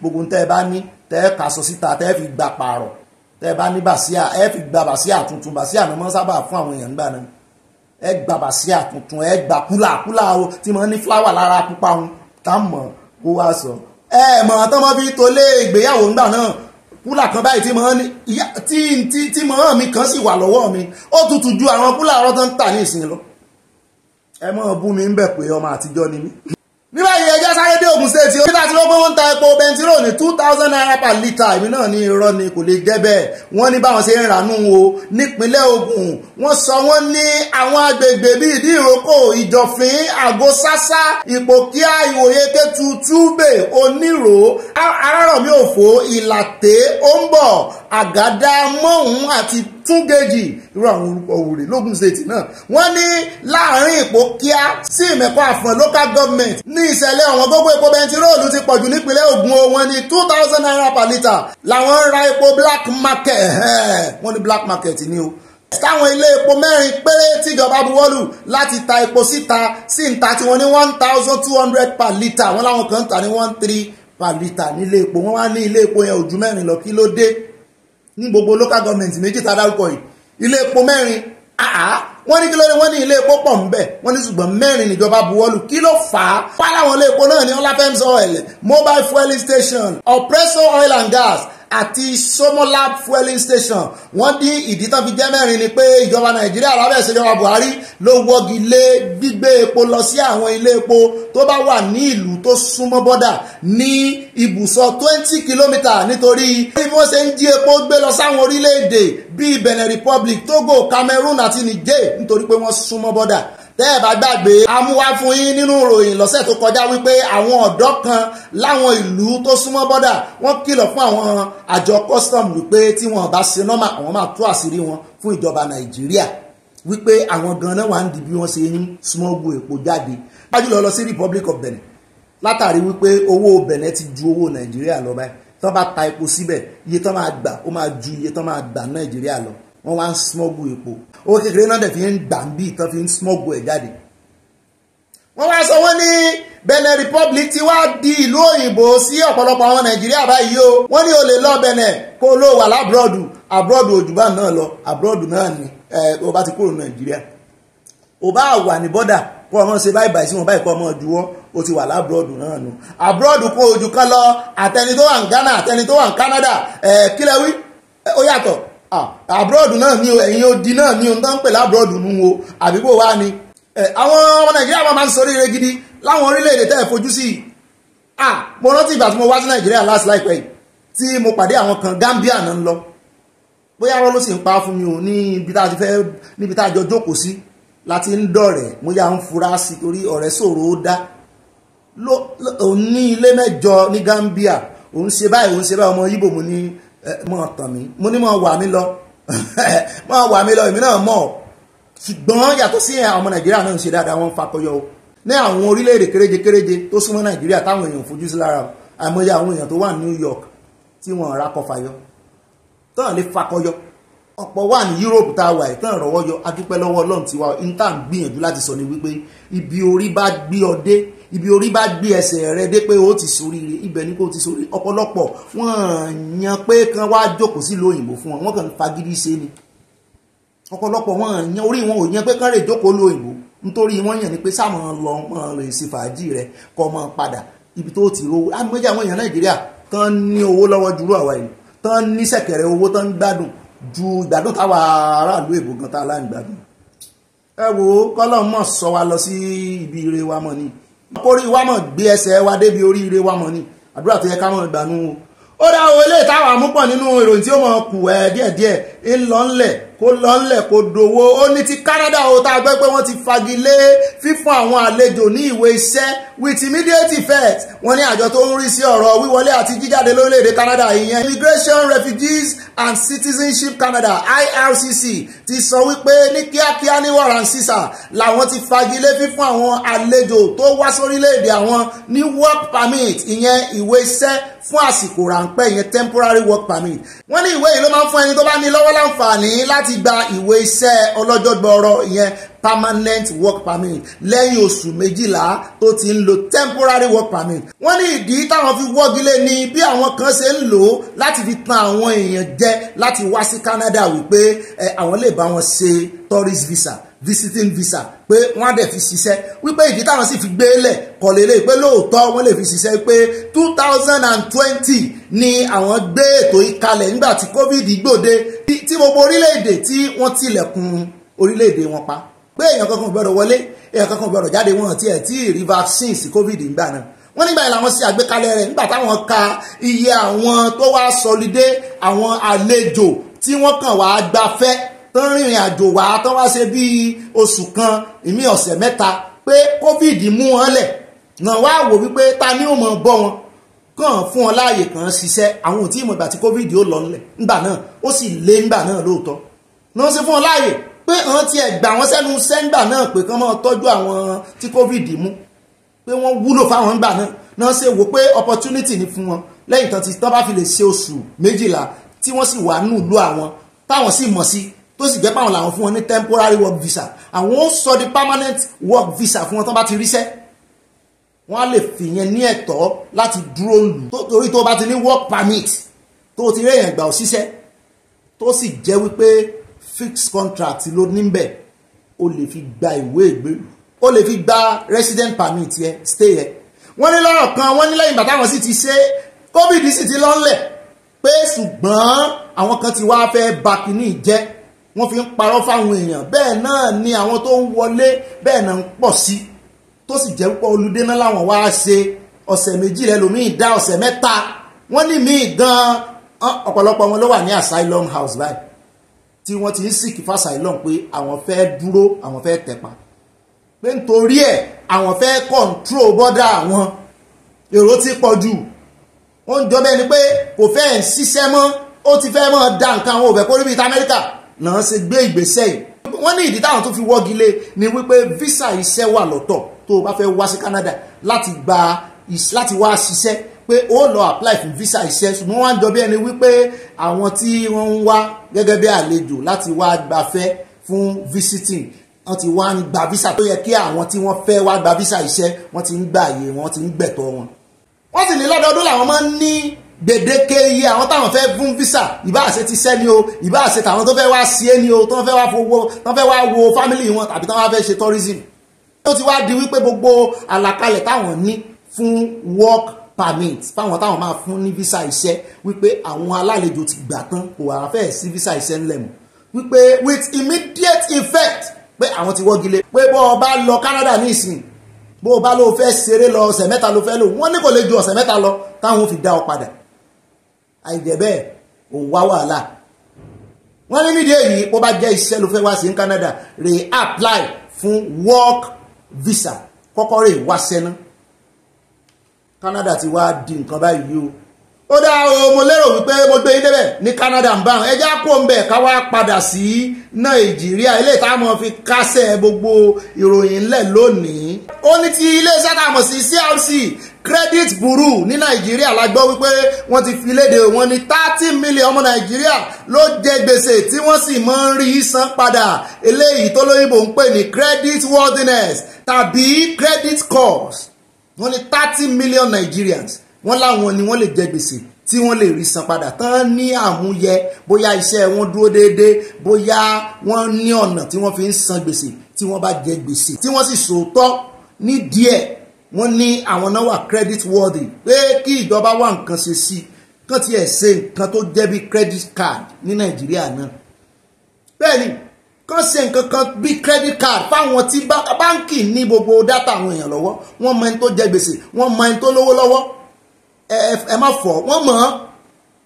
gbogbo ń tẹ́ ẹ bá ní tẹ́ kà sọ síta tẹ́ fi gbà pààrọ̀ tẹ́ bá ní bàṣíà ẹ fi gba bàṣíà tuntun bàṣíà ni wọ́n sábà fún àwọn èèyàn nígbà náà ẹ gba bàṣíà tuntun ẹ gba kúlà kúlà o tí wọ́n ní fúláwà lára pupa wọn tá mọ̀ kó wá sọ ẹ mọ̀ tán mọ́ fi tó lé ìgbéyàwó nígbà náà kúlà kan báyìí tí mọ̀ ní tí tí tí mọ̀ mi kan sì wà lọ́wọ́ mi ó tutù ju àwọn kúlà ọ̀rọ̀ tó ń tà ní ìsìn lọ ẹ mọ̀ bú mi ń bẹ̀ pé ọmọ àtijọ́ ni mí sáré dé Ògùn state ó nígbà tí wọ́n pé wọ́n ń ta epo bẹntiró ní two thousand naira per litre èmi náà ní irọ́ ni kò lè jẹ́ bẹ́ẹ̀ wọ́n ní báwọn ṣe ń rànú o nípínlẹ̀ Ògùn wọ́n sọ wọ́n ní àwọn agbègbè bíi ìdíròkò ìjọ̀fín àgọ́sásá ìpòkíà ìwòye kẹtù túbè onírò arárọ̀mí òfò ìlàtẹ́ ó ń bọ̀ àgádá mọ́hún àti túngèjì irú àwọn orúkọ òwúrè lógún state náà wọ́n ní láàrin ìpò kíá sí ìmẹ̀kọ àfọ̀n local government ní ìṣẹ̀lẹ̀ ọ̀wọ́n gógó epo bẹntiróòlù ti pọ̀jù nípínlẹ̀ Ògùn o wọ́n two thousand naira per litre làwọn ń ra epo black market wọ́n ní black market ni o táwọn ilé epo mẹ́rin péré tíjọba buwọ́lù láti ta epo síta sí ń ta tiwọn ní one thousand two hundred per litre wọ́n láwọn kan ń ta ní one three per litre nílé epo wọ́n wá ní ilé epo yẹn ojú mẹ́rin lọ kí ló dé ní gbogbo local government méjì tá a dárúkọ yìí ilé epo mẹ́rin àá wọ́n ní kí ló dé wọ́n ní ilé epo pọ̀ ń bẹ̀ wọ́n ní ṣùgbọ́n mẹ́rin níjọba buwọ́lù kí ló fà á pálá àwọn ilé epo náà ní ọláfẹ́ms oil mobile fueling station oppressor oil and gas àti Somolab fueling station wọ́n dín ìdí tán fi jẹ́ mẹ́rin ni pé ìjọba Nàìjíríà lábẹ́ ìṣèjọba Buhari ló wọ́gi lé gbígbé epo lọ sí àwọn ilé epo tó bá wà ní ìlú tó súnmọ́ bọ́dà ní ibùsọ̀ twenty kilometre nítorí bí wọ́n ṣe ń jí epo gbé lọ sáwọn orílẹ̀-èdè bíi Benin Republic Togo Cameroon àti Niger nítorí pé wọ́n súnmọ́ bọ́dà tẹ́ ẹ̀ bá gbàgbé a mú wá fún yín nínú ìròyìn lọ́sẹ̀ tó kọjá wípé àwọn ọ̀dọ́ kan láwọn ìlú tó súnmọ́ bọ́dà wọ́n kìlọ̀ fún àwọn àjọ custom wípé tí wọn bá ṣe nọ́mà àwọn máa tú àṣírí wọn fún ìjọba nàìjíríà wípé àwọn ganan wà ń di bí wọ́n ṣe ń smọ́gù epo jáde pájùlọ lọ sí Republic of Benin látàrí wípé owó Benin ti ju owó nàìjíríà lọ báyìí tán bá ta epo síbẹ̀ iye tán máa gbà ó máa ju iye tán máa gbà nàìjíríà lọ wọ́n wá ń smọ́gù epo owó kékeré náà dẹ̀ fi ń gbà ń bí ìtàn fi ń smọ́gù ẹ̀ jáde. wọ́n wá sọ wọ́n ní Benin Republic ti wá di ìlú òyìnbó sí ọ̀pọ̀lọpọ̀ àwọn Nàìjíríà báyìí o wọ́n ní o lè lọ Benin kó o lọ wà lábúròdù àbúròdù òjùbá náà lọ àbúròdù náà ni o bá ti kúrò Nàìjíríà o bá wà ní bọ́dà kó ọmọ ṣe báyìí báyìí sí wọn báyìí kó ọmọ juwọ́ o ti wà lábúròdù náà nù àbúròdù kó ojú kan lọ àtẹni tó wà ní Ghana àtẹni tó wà ní Canada kílẹ̀ wí ó yàtọ̀ àbúròdù náà ni o ẹ̀yin odi náà ni o ń tán pè lábúròdù nu o àbíbò wa ni àwọn ọmọ nàìjíríà máa ń sọ oríire gidi láwọn orílẹ̀-èdè tẹ́ ẹ̀ fojú sí i mo rántí ìgbà tí mo wá sí nàìjíríà last láìpẹ́ tí mo pàdé àwọn kan Gambia náà ń lọ bóyá wọ́n ló sì ń pa fún mi o níbi tá a ti fẹ́ níbi tá a jọ jókòó sí láti ń dọ̀rẹ́ mo yà ń fura sí torí ọ̀rẹ́ ṣòro ó dá òun ní ilé mẹ́jọ ní Gambia òun ṣe báyìí òun ṣe báyìí ọmọ Ìgbò mo ní mọ̀ tàn mí mo ní mọ̀ wà mí lọ [LAUGHS] mọ̀ wà mí lọ èmi náà mọ̀ ṣùgbọ́n yàtọ̀ sí àwọn ọmọ nàìjíríà náà ń ṣe dáadáa wọ́n fakọyọ o ní àwọn orílẹ̀-èdè kéréje kéréje tó súnmọ́ nàìjíríà táwọn èèyàn fojú sí lára àìmọye àwọn èèyàn tó wà ní New York tí wọ́n ra kọfà yọ tọ́ọ̀ lè fakọyọ ọ̀pọ̀ wà ní Europe tá a wà ìtàn ìrànwọ́ yọ adúpẹ́ lọ́wọ́ Ọlọ́run tiwa níta ń gbìyànjú láti sọ ni wípé ibi orí bá gbé ọ dé ibi orí bá gbé ẹsẹ̀ rẹ dé pé ó ti soríire ibẹ̀ ni kó ti sorí ọ̀pọ̀lọpọ̀ wọ́n yan pé kan wá jókòó sílùú òyìnbó fún wọn wọ́n kàn fagídí ṣe ni ọ̀pọ̀lọpọ̀ wọ́n yan orí wọn ò yan pé kán lè jókòó lóò òyìnbó nítorí wọ́n yàn ni pé sáà máa lọ máa lè ṣe fàájì rẹ kọ́ máa padà ibi tó ti rówó àmọ́jà àwọn èèyàn Nàìjíríà tán ní owó owó tán gbádùn ju ìgbádùn táwa aráàlú èbó gan tá a láǹgbádùn ẹ wo kọ́lọ́ mọ̀ sọ wa lọ sí ibi ire wa mọ̀ ni kórí wa mọ̀ gbé ẹsẹ̀ wa débi orí ire wa mọ̀ ni àdúrà tó yẹ ká mọ̀ gbànú o ó dá owó ilé ìtawà mú pọ̀ nínú ìròyìn tí ó mọ̀ kù ẹ̀ díẹ̀díẹ̀ ńlọ ńlẹ̀ kó lọ́nlẹ̀ kó dowó ó ní ti Canada o tá a gbẹ́ pé wọ́n ti fagilé fífún àwọn àlejò ní ìwé iṣẹ́ with immediate effect wọ́n ní àjọ tó ń rí sí ọ̀rọ̀ wíwọlé àti jíjáde lórílẹ̀‐èdè Canada ìyẹn Immigration Refugees and Citizenship Canada IRCC ti sọ wípé ní kíákíá ní wàràǹsísà làwọn ti fagilé fífún àwọn àlejò tó wá sórílẹ̀‐èdè àwọn ní work permit ìyẹn ìwé iṣẹ́ fún àsìkò ráńpẹ́ yẹn temporary work permit wọ́n ní ìwé yìí ló máa ń fún ẹni tó bá ní lọ́wọ́ láǹfààní láti gba ìwé iṣẹ́ ọlọ́jọ́ gbọọrọ ìyẹn permanent work permit lẹ́yìn oṣù méjìlá tó ti ń lo temporary work permit. wọ́n ní ìdí táwọn fi wọ́gilé ni bí àwọn kan ṣe ń lò ó láti fi tan àwọn èèyàn jẹ láti wá sí Canada wípé àwọn lè bá wọn ṣe tourist visa visiting visa pé wọ́n á dẹ̀ fi ṣiṣẹ́ wípé ìdí táwọn sì fi gbé e lẹ̀ kọ̀lélẹ̀ pé lóòótọ́ wọ́n lè fi ṣiṣẹ́ pé two thousand and twenty ni àwọn gbé ètò ìkalẹ̀ nígbà tí covid gbòde tí gbogbo orílẹ̀-èdè tí wọ́n tilẹ̀kùn orílẹ̀-èdè wọn pa pé èèyàn kankan gbọ́dọ̀ wọlé èèyàn kankan gbọ́dọ̀ jáde wọn ti ẹ̀ tí ì rí vaccines covid ńgbà náà wọ́n nígbà yìí làwọn ṣe àgbékalẹ̀ rẹ̀ nígbà táwọn ka iye àwọn tó wá sọlidé àwọn àlejò tí wọ́n kàn wá gbafẹ́ tó ń rìnrìn àjò wá tó wá ṣe bíi oṣù kan ìmí ọ̀sẹ̀ mẹ́ta pé covid mú wọn lẹ̀ náà wá wò wípé ta ni ó mọ̀ bọ́ wọn kàn fún wọn láàyè kàn ṣiṣẹ́ àwọn ò tí ì mọ̀ ìgbà tí covid ó lọ ńlẹ̀ ńgbà náà ó sì lé ńgbà náà lóòótọ́ náà ṣe fún wọn láàyè pé àwọn ti ẹ̀ gbà wọ́n sẹ́nu sẹ́ńgbà náà pé kán máa tọ́jú àwọn tí covid mú pé wọ́n wúlò fáwọn ńgbà náà náà ṣe wò pé opportunity ni fún wọn lẹ́yìn tán ti tán bá fi lè ṣe oṣù méjìlá tí wọ́n sì wà nù ìlú àwọn táwọn sì mọ̀ sí tó sì jẹ́ páwọn làwọn fún wọn ní temporary work visa àwọn ó sọ di permanent work visa fún wọn tán bá ti ríṣẹ́ wọ́n á lè fìyẹn ní ẹ̀tọ́ láti dúró lù torí tó bá ti ní work permit tó ti réyàn gbà òṣìṣẹ́ tó sì jẹ́ wípé fixed contract ló níbẹ̀ o lè fi gba ìwé ìgbélú o lè fi gba resident permit yẹ stay yẹ wọ́n ní lọ́rọ̀ kan wọ́n ní lẹ́yìn bàtà wọn sì ti ṣe covid sì ti lọ́lẹ̀ pé ṣùgbọ́n àwọn kan ti wá fẹ́ ba jẹ́ wọ́n fi ń parọ́ fáwọn èèyàn bẹ́ẹ̀ náà ni àwọn tó ń wọlé bẹ́ẹ̀ náà ń pọ̀ sí tó sì jẹ́ púpọ̀ olùdé náà làwọn wá ṣe ọ̀sẹ̀ méjì rẹ lòmíì dá ọ̀sẹ̀ mẹ́ta wọ́n ní míì gan ọ̀pọ̀lọpọ̀ wọn ló wà ní asylum house báyìí tí wọ́n ti ń sìkì fàṣà ìlọ́n pé àwọn fẹ́ dúró àwọn fẹ́ tẹ̀pa pé nítorí ẹ̀ àwọn fẹ́ kọ̀ǹtró bọ́dà àwọn èrò ti pọ̀ jù ó ń jọ bẹ́ẹ̀ ni pé kò fẹ́ ń ṣiṣẹ́ mọ́ ó ti fẹ́ mọ́ da nǹkan àwọn òbẹ̀ kó níbi ìta Amẹ́ríkà náà ṣe gbé ìgbésẹ̀ yìí wọ́n ní ìdí táwọn tó fi wọ́gi lé ni wípé visa iṣẹ́ wà lọ́tọ̀ tó o bá fẹ́ wá sí Canada láti gba láti wá ṣiṣẹ́ pé ó lọ apply fún visa iṣẹ́ ṣùgbọ́n wọ́n á jọ bí ẹni wípé àwọn tí wọ́n ń wá gẹ́gẹ́ bí àlejò láti wá gbafẹ́ fún visiting wọ́n ti wá ń gba visa tó yẹ kí àwọn tí wọ́n fẹ́ wá gba visa iṣẹ́ wọ́n ti ń gbà yé wọ́n ti ń gbẹ̀tọ́ wọn. wọ́n sì ní lọ́dọọdún làwọn máa ń ní gbèdéke iye àwọn táwọn fẹ́ fún visa ìbáàṣe ti sẹ́ ni o ìbáàṣe tàwọn tó fẹ́ wá sí é ni o tó fẹ́ wá fowó tó fẹ́ wá wo family wọn tàbí tó wá fẹ́ ṣe tourism. ó ti wá di wípé gbogbo àlàkalẹ̀ táwọn ní fún work permit fáwọn táwọn máa fún ní visa iṣẹ́ wípé àwọn alálejò ti gbà tán kò wà fẹ́ẹ̀ sí visa iṣẹ́ ńlẹ̀ mọ́ wípé with immediate effect pé àwọn ti wọ́gi lé pé bó o bá lọ Canada ní ìsìn bó o bá lọ fẹ́ ṣeré lọ ọ̀sẹ̀ mẹ́ta ló fẹ́ lò wọ́n ní kò lè ju ọ̀sẹ̀ mẹ́ta lọ táwọn fi dá ọ padà àìjẹ́ bẹ́ẹ̀ òun wá wàhálà wọ́n ní nídìí èyí bó bá jẹ́ iṣẹ́ ló fẹ́ wá sí Canada re apply fún work visa kọ́kọ́ rè wá sẹ́nu Canada ti wá di nǹkan báyìí o ó dá o mo lérò wípé mo gbé yín débẹ̀ ní Canada ń bá wọn ẹja kó ń bẹ̀ ká wá padà sí Nàìjíríà eléyìí tá a mọ̀ fi kásẹ̀ gbogbo ìròyìn ńlẹ̀ lónìí ó ní ti iléeṣẹ́ tá a mọ̀ sí CRC credit bureau ní nàìjíríà la gbọ́ wípé wọ́n ti fi léde wọn ní thirty million ọmọ nàìjíríà ló jẹ gbèsè tí wọ́n sì máa ń rí san padà eléyìí tó lóyìnbó ń pè ní credit worthiness tàbí credit cost wọ́n ní thirty million Nigerians wọ́n láwọn ni wọ́n lè jẹ gbèsè tí wọ́n lè rí san padà tán ní àmúyẹ bóyá iṣẹ́ wọn dúró déédéé bóyá wọ́n ní ọ̀nà tí wọ́n fi ń san gbèsè tí wọ́n bá jẹ gbèsè tí wọ́n sì sòótọ́ ní díẹ̀ wọ́n ní àwọn náà wà credit worthy pé kí ìjọba wá nǹkan ṣe sí kán tiẹ̀ ṣe nǹkan tó jẹ́ bí credit card ní Nàìjíríà náà bẹ́ẹ̀ ni kán ṣe nǹkan kan bíi credit card fáwọn tí báńkì ní gbogbo dátà àwọn èèyàn lọ́wọ́ wọ́n mọ ẹni tó jẹ gbèsè wọ́n mọ ẹni tó lówó lọ́wọ́ ẹ má fọ̀ wọ́n mọ̀ ọ́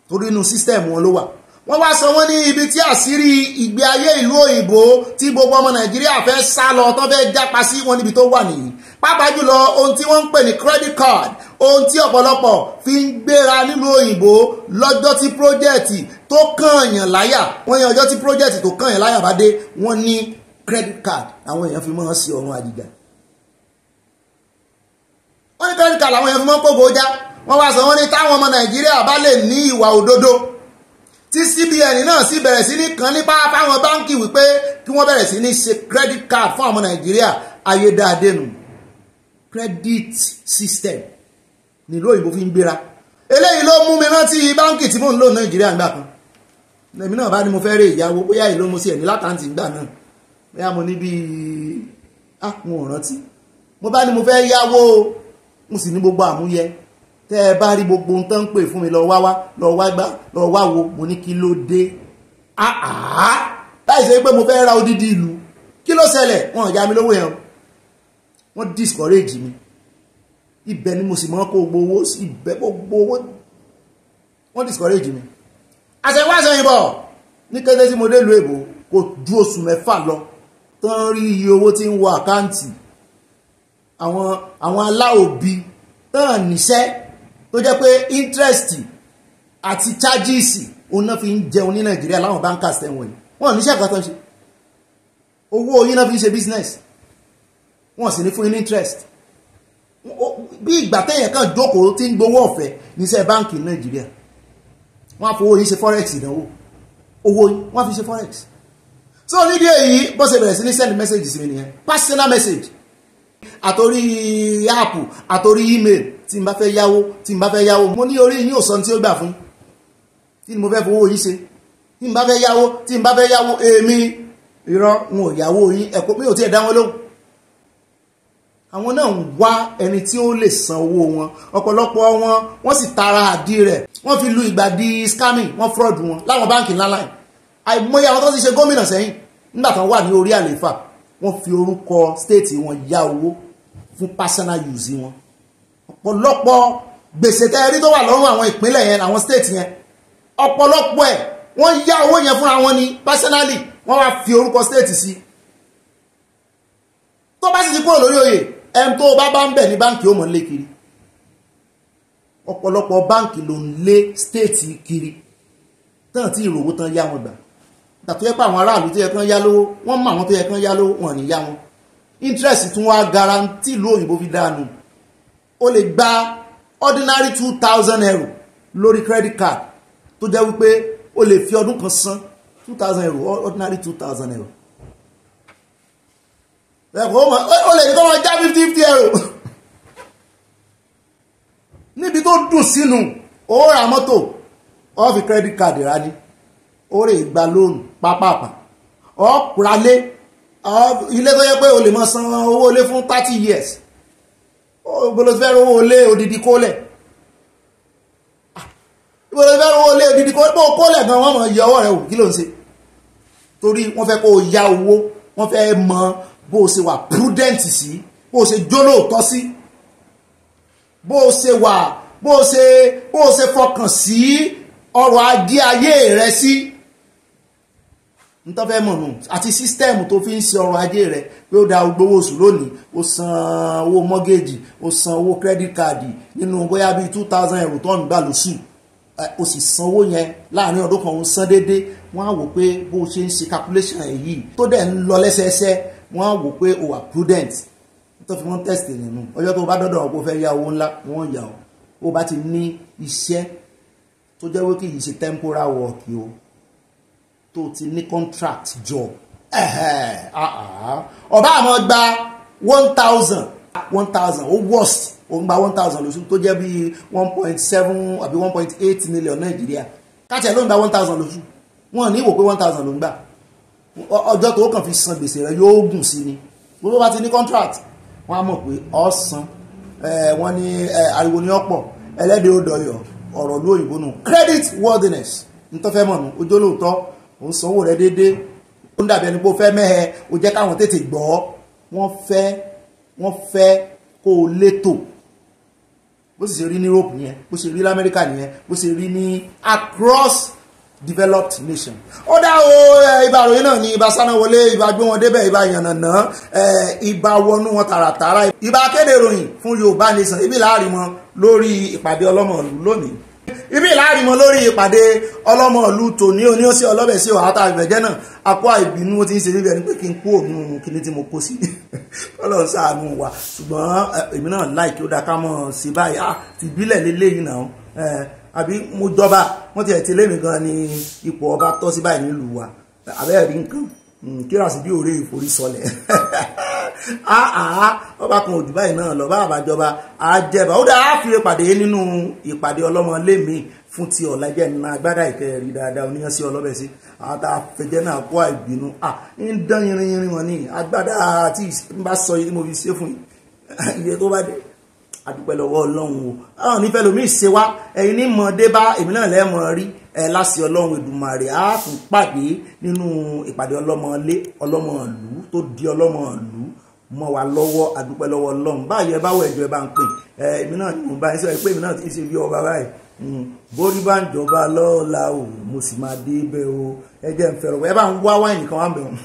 torí inú sísítẹ̀mù wọn ló wà wọ́n wá sọ wọ́n ní ibi tí àṣírí ìgbé ayé ìlú òyìnbó tí gbogbo ọmọ nàìjíríà fẹ́ sá lọ tó fẹ́ jápa sí wọn níbi tó wà nìyí pàápàá jùlọ ohun tí wọ́n ń pè ní credit card ohun tí ọ̀pọ̀lọpọ̀ fi ń gbéra nílùú òyìnbó lọ́jọ́ tí pírójẹ́ẹ̀tì tó kànyàn láyà wọ́n yẹn ọjọ́ tí pírójẹ́ẹ̀tì tó kànyàn láyà bá dé wọ́n ní credit card àwọn èèyàn fi máa ń sí ọ̀run àdìgbà wọ́n ní credit card àwọn èèyàn fi máa ń kó gbòójá wọ́n wá sọ wọ́n ní táwọn ọmọ nàìjíríà bá lè ní ìwà òdodo tí CBN náà sì bẹ̀rẹ̀ sí ní kan nípa fáwọn báńkì wípé kí wọ́n bẹ̀rẹ̀ sí ní ṣe credit card fún àwọn Nàìjíríà ayédáadénu credit system nílò òyìnbó fi ń gbéra eléyìí ló mú mi rántí báńkì tí mò ń lò Nàìjíríà nígbà kan lèmi náà bá ní mo fẹ́ rí ìyàwó bóyá ìlú mo sì ẹ̀ ní látàntì ìgbà náà bóyá mo ní bíi ah mo rántí mo bá ní mo fẹ́ yáwó mo sì ní gbogbo àmúyẹ tẹ́ ẹ bá rí gbogbo ohun tó ń pè fún mi lọ wá wá lọ wá gbá lọ wá wo mo ní kí ló dé àhà láì ṣe pé mo fẹ́ ra odidi ìlú kí ló ṣẹlẹ̀ wọn ò já mi lówó yẹn o discourage mi ibẹ̀ ni mo sì mọ́ kó gbogbo owó ibẹ̀ gbogbo owó wọ́n discourage mi àṣẹwọ́ àṣẹyìnbọ̀ ní kété tí mo dé ìlú èbó kò ju oṣù mẹ́fà lọ tó ń rí iye owó tí ń wọ àkáǹtì àwọn aláòbí tán níṣẹ́ tó jẹ́ pé interest àti charges òun náà fi ń jẹun ní nàìjíríà láwọn bankers tẹ̀wọ̀n yìí wọ́n níṣẹ́ kan ṣe owó yín fi ń ṣe business wọ́n sì ní fún ní interest bí ìgbà tẹ́yìn kan jókòó tí ń gbowó ọ̀fẹ́ níṣẹ́ báǹkì nàìjíríà wọ́n á fowó yín ṣe forex ìdánwò owó yín wọ́n á fi ṣe forex so nídìí èyí bó ṣe bẹ̀rẹ̀ sí ní send message sí mi nìyẹn personal message àtòrí app àtòrí email tí n bá fẹ́ yáwó tí n bá fẹ́ yáwó mo ní orí yín ò sọ tí ó gbà fún kí ni mo fẹ́ fowó yín ṣe tí n bá fẹ́ yáwó tí n bá fẹ́ yáwó èmi irọ́ n ò yáwó yín ẹ̀kọ́ mi ò tiẹ̀ dá wọn lóhùn àwọn náà ń wá ẹni tí ó lè san owó wọn ọ̀pọ̀lọpọ̀ wọn wọ́n sì tara àdí rẹ̀ wọ́n fi lu ìgbà di scamming wọ́n fraud wọn láwọn báǹkì ńláńlá àìmọye àwọn tó ti ṣe gómìnà sẹ́yìn nígbà tán wà ní orí àlééfà wọ́n fi orúkọ stéètì wọn yá owó fún personal use wọn ọ̀pọ̀lọpọ̀ gbèsè tẹ́ ẹ rí tó wà lọ́rùn àwọn ìpínlẹ̀ yẹn àwọn state yẹn ọ̀pọ̀lọpọ̀ ẹ̀ wọ́n yá owó yẹn fúnra wọn ni personally wọ́n wá fi orúkọ state sí tó bá sì ti kúrò lórí oyè ẹni tó bá bá ń bẹ̀ ní báǹkì ó mọ̀ ń lé kiri ọ̀pọ̀lọpọ̀ báǹkì ló ń lé state kiri tán tí ìròwó tán yá wọn gbà tàbí ẹ pa àwọn aráàlú tó yẹ kán yá lówó wọ́n mọ àwọn tó yẹ kán yá lówó wọn ní yá wọn interest tún wá garanti ìlú òyìnbó fi dáa nù o lè gba ordinary two thousand euro lórí credit card tó jẹ́ wípé o lè fi ọdún kan san two thousand euro ordinary two thousand euro ẹ̀kọ́ o lè ní kọ́ fifty fifty euro níbi tó dùn sínú ó ra mọ́tò ó fi credit card rà ní ó rè gba lóònù pápápá ó ralé ilé tó yẹ pé o lè máa san owó ilé fún thirty years ìgbòlòsífẹ́ rówó olé odidi kólẹ̀ ah, ìgbòlòsífẹ́ rówó olé odidi kólẹ̀ gan wọ́n mọ̀ yọ ọwọ́ rẹ̀ wò kí ló ń ṣe torí wọ́n fẹ́ kó ya owó wọ́n fẹ́ mọ bó o ṣe wà prudent sí bó o ṣe jólóòtọ́ sí bó o ṣe wà bó o ṣe bó o ṣe fọkàn sí ọrọ̀ ajé ayé rẹ sí. Si nítorí fẹ́ mọ̀ nù àti sísítẹ́ẹ̀mù tó fi ń ṣe ọrọ̀ ajé rẹ̀ pé ó da gbowó oṣù lónìí ó san owó mọ́gẹ́jì ó san owó credit card nínú bóyá bíi two thousand euro tó ń gbà lóṣù ó sì san owó yẹn láàrin ọdún kan ó san déédéé wọ́n á wò pé bó o ṣe ń ṣe calculation ẹ̀ yìí tó dẹ̀ ń lọ lẹ́sẹẹsẹ wọ́n á wò pé o wà prudent tó fi wọ́n test nínú ọjọ́ tó bá dọ́dọ̀ ọ̀pọ̀ fẹ́ yá owó ńlá wọ́n yà ó bá ti ní iṣẹ́ tó jẹ́ wí kì í ṣe temporal work yìí o tó ti ní contract job ọba àmọ́ gba one thousand one thousand ó worst ó gba one thousand lóṣù tó jẹ́ bí one point seven àbí one point eight million nàìjíríà káàtì ẹ̀ ló ń gba one thousand lóṣù wọn ní ìwò pé one thousand ló ń gbà ọjọ́ tó kàn fi san gbèsè rẹ yóò gùn sí ni gbogbo bá ti ní contract wọn á mọ̀ pé ọ̀sán wọn ní ariwo ní ọ̀pọ̀ ẹlẹ́dẹ̀ẹ́ ó dọ̀yọ̀ ọ̀rọ̀ lóyìnbó nù credit worthiness ntọ́fẹ́ mọ̀ nù ojú olóòótọ́ ò ń sanwó rẹ déédéé ó ń dàbí ẹni pé ó fẹ́ mẹ́hẹ ó jẹ́ káwọn tètè gbọ́ wọ́n fẹ́ wọ́n fẹ́ kó o létò bó sì ṣe rí ní Europe nìyẹn bó ṣe rí lamẹ́ríkà nìyẹn bó ṣe rí ní across developed nation. ó dá o ibà àròyé náà ní ibà sanáwọlé ibà gbé wọn débẹ̀ ibà yànnànà ibà wọnú wọn tààràtààrà ibà akéde ìròyìn fún Yorùbá nation ibi láàrin wọn lórí ìpàdé ọlọ́mọ lónìí ibi ìlàrí mọ lórí ìpàdé ọlọ́mọ ìlú tòní òní ó sí ọlọ́bẹ̀ sí ọ̀hátà ìbẹ̀jẹ́ náà akọ ìbínú ó ti ń ṣe níbẹ̀ ni pé kí n kú òun òun kí ni tí mo kó sí ọlọ́run ṣàánú wa ṣùgbọ́n èmi eh, náà láìkí ó dáká mọ́ sí báyìí ah ti bílẹ̀ lélẹ́yìn náà àbí mo jọba wọ́n ti ẹ̀ e ti lémi gan ni ipò ọba tọ́ sí báyìí nílùú wa àbẹ́ẹ̀rí nǹkan Hmm, kíràsì bí òré ìforísọlẹ̀ [LAUGHS] ah, ah, ah, ọba kan òdìbá yìí náà lọ bá àbájọba àjẹbà ó dáa fi ìpàdé nínú ìpàdé ọlọ́mọ lémi fún ti ọ̀la jẹ́ nínú agbádá ìkẹrì dáadáa oníyàn sí ọlọ́bẹ̀ sí àtàfẹ́jẹ́ náà kó àìbínú à ń dán irin irin wọn ní agbádá àti ìbá sọ yìí mo fi ṣe fún [LAUGHS] iye tó bá dé àdúpẹ́ lọ́wọ́ ọlọ́run o àwọn onífẹ́ lomi ìṣe wa ẹ̀yin ní mọ̀ dé bá èmi náà lẹ́mọ̀ rí ẹ láti ọlọ́run Èdùmàrè á tún pàdé nínú ìpàdé ọlọ́mọlé ọlọ́mọlú tó di ọlọ́mọlú mọ́ wa lọ́wọ́ àdúpẹ́ lọ́wọ́ ọlọ́run báyìí ẹ bá wọ ẹjọ́ ẹ bá ń pè ẹ èmi náà ní ìwọ̀nba ẹ sọ pé èmi náà ti ṣe bí ọba báyìí hmm, borí bá ń jọba lọ́la o mo sì máa dé bẹ́ o ẹ jẹ́ ń fẹ́ rọ̀ ẹ bá ń wá wáìnì kan wá ń bẹ̀ wọ́n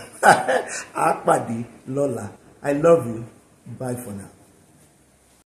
á [LAUGHS] pàdé lọ́la I love you bye for now.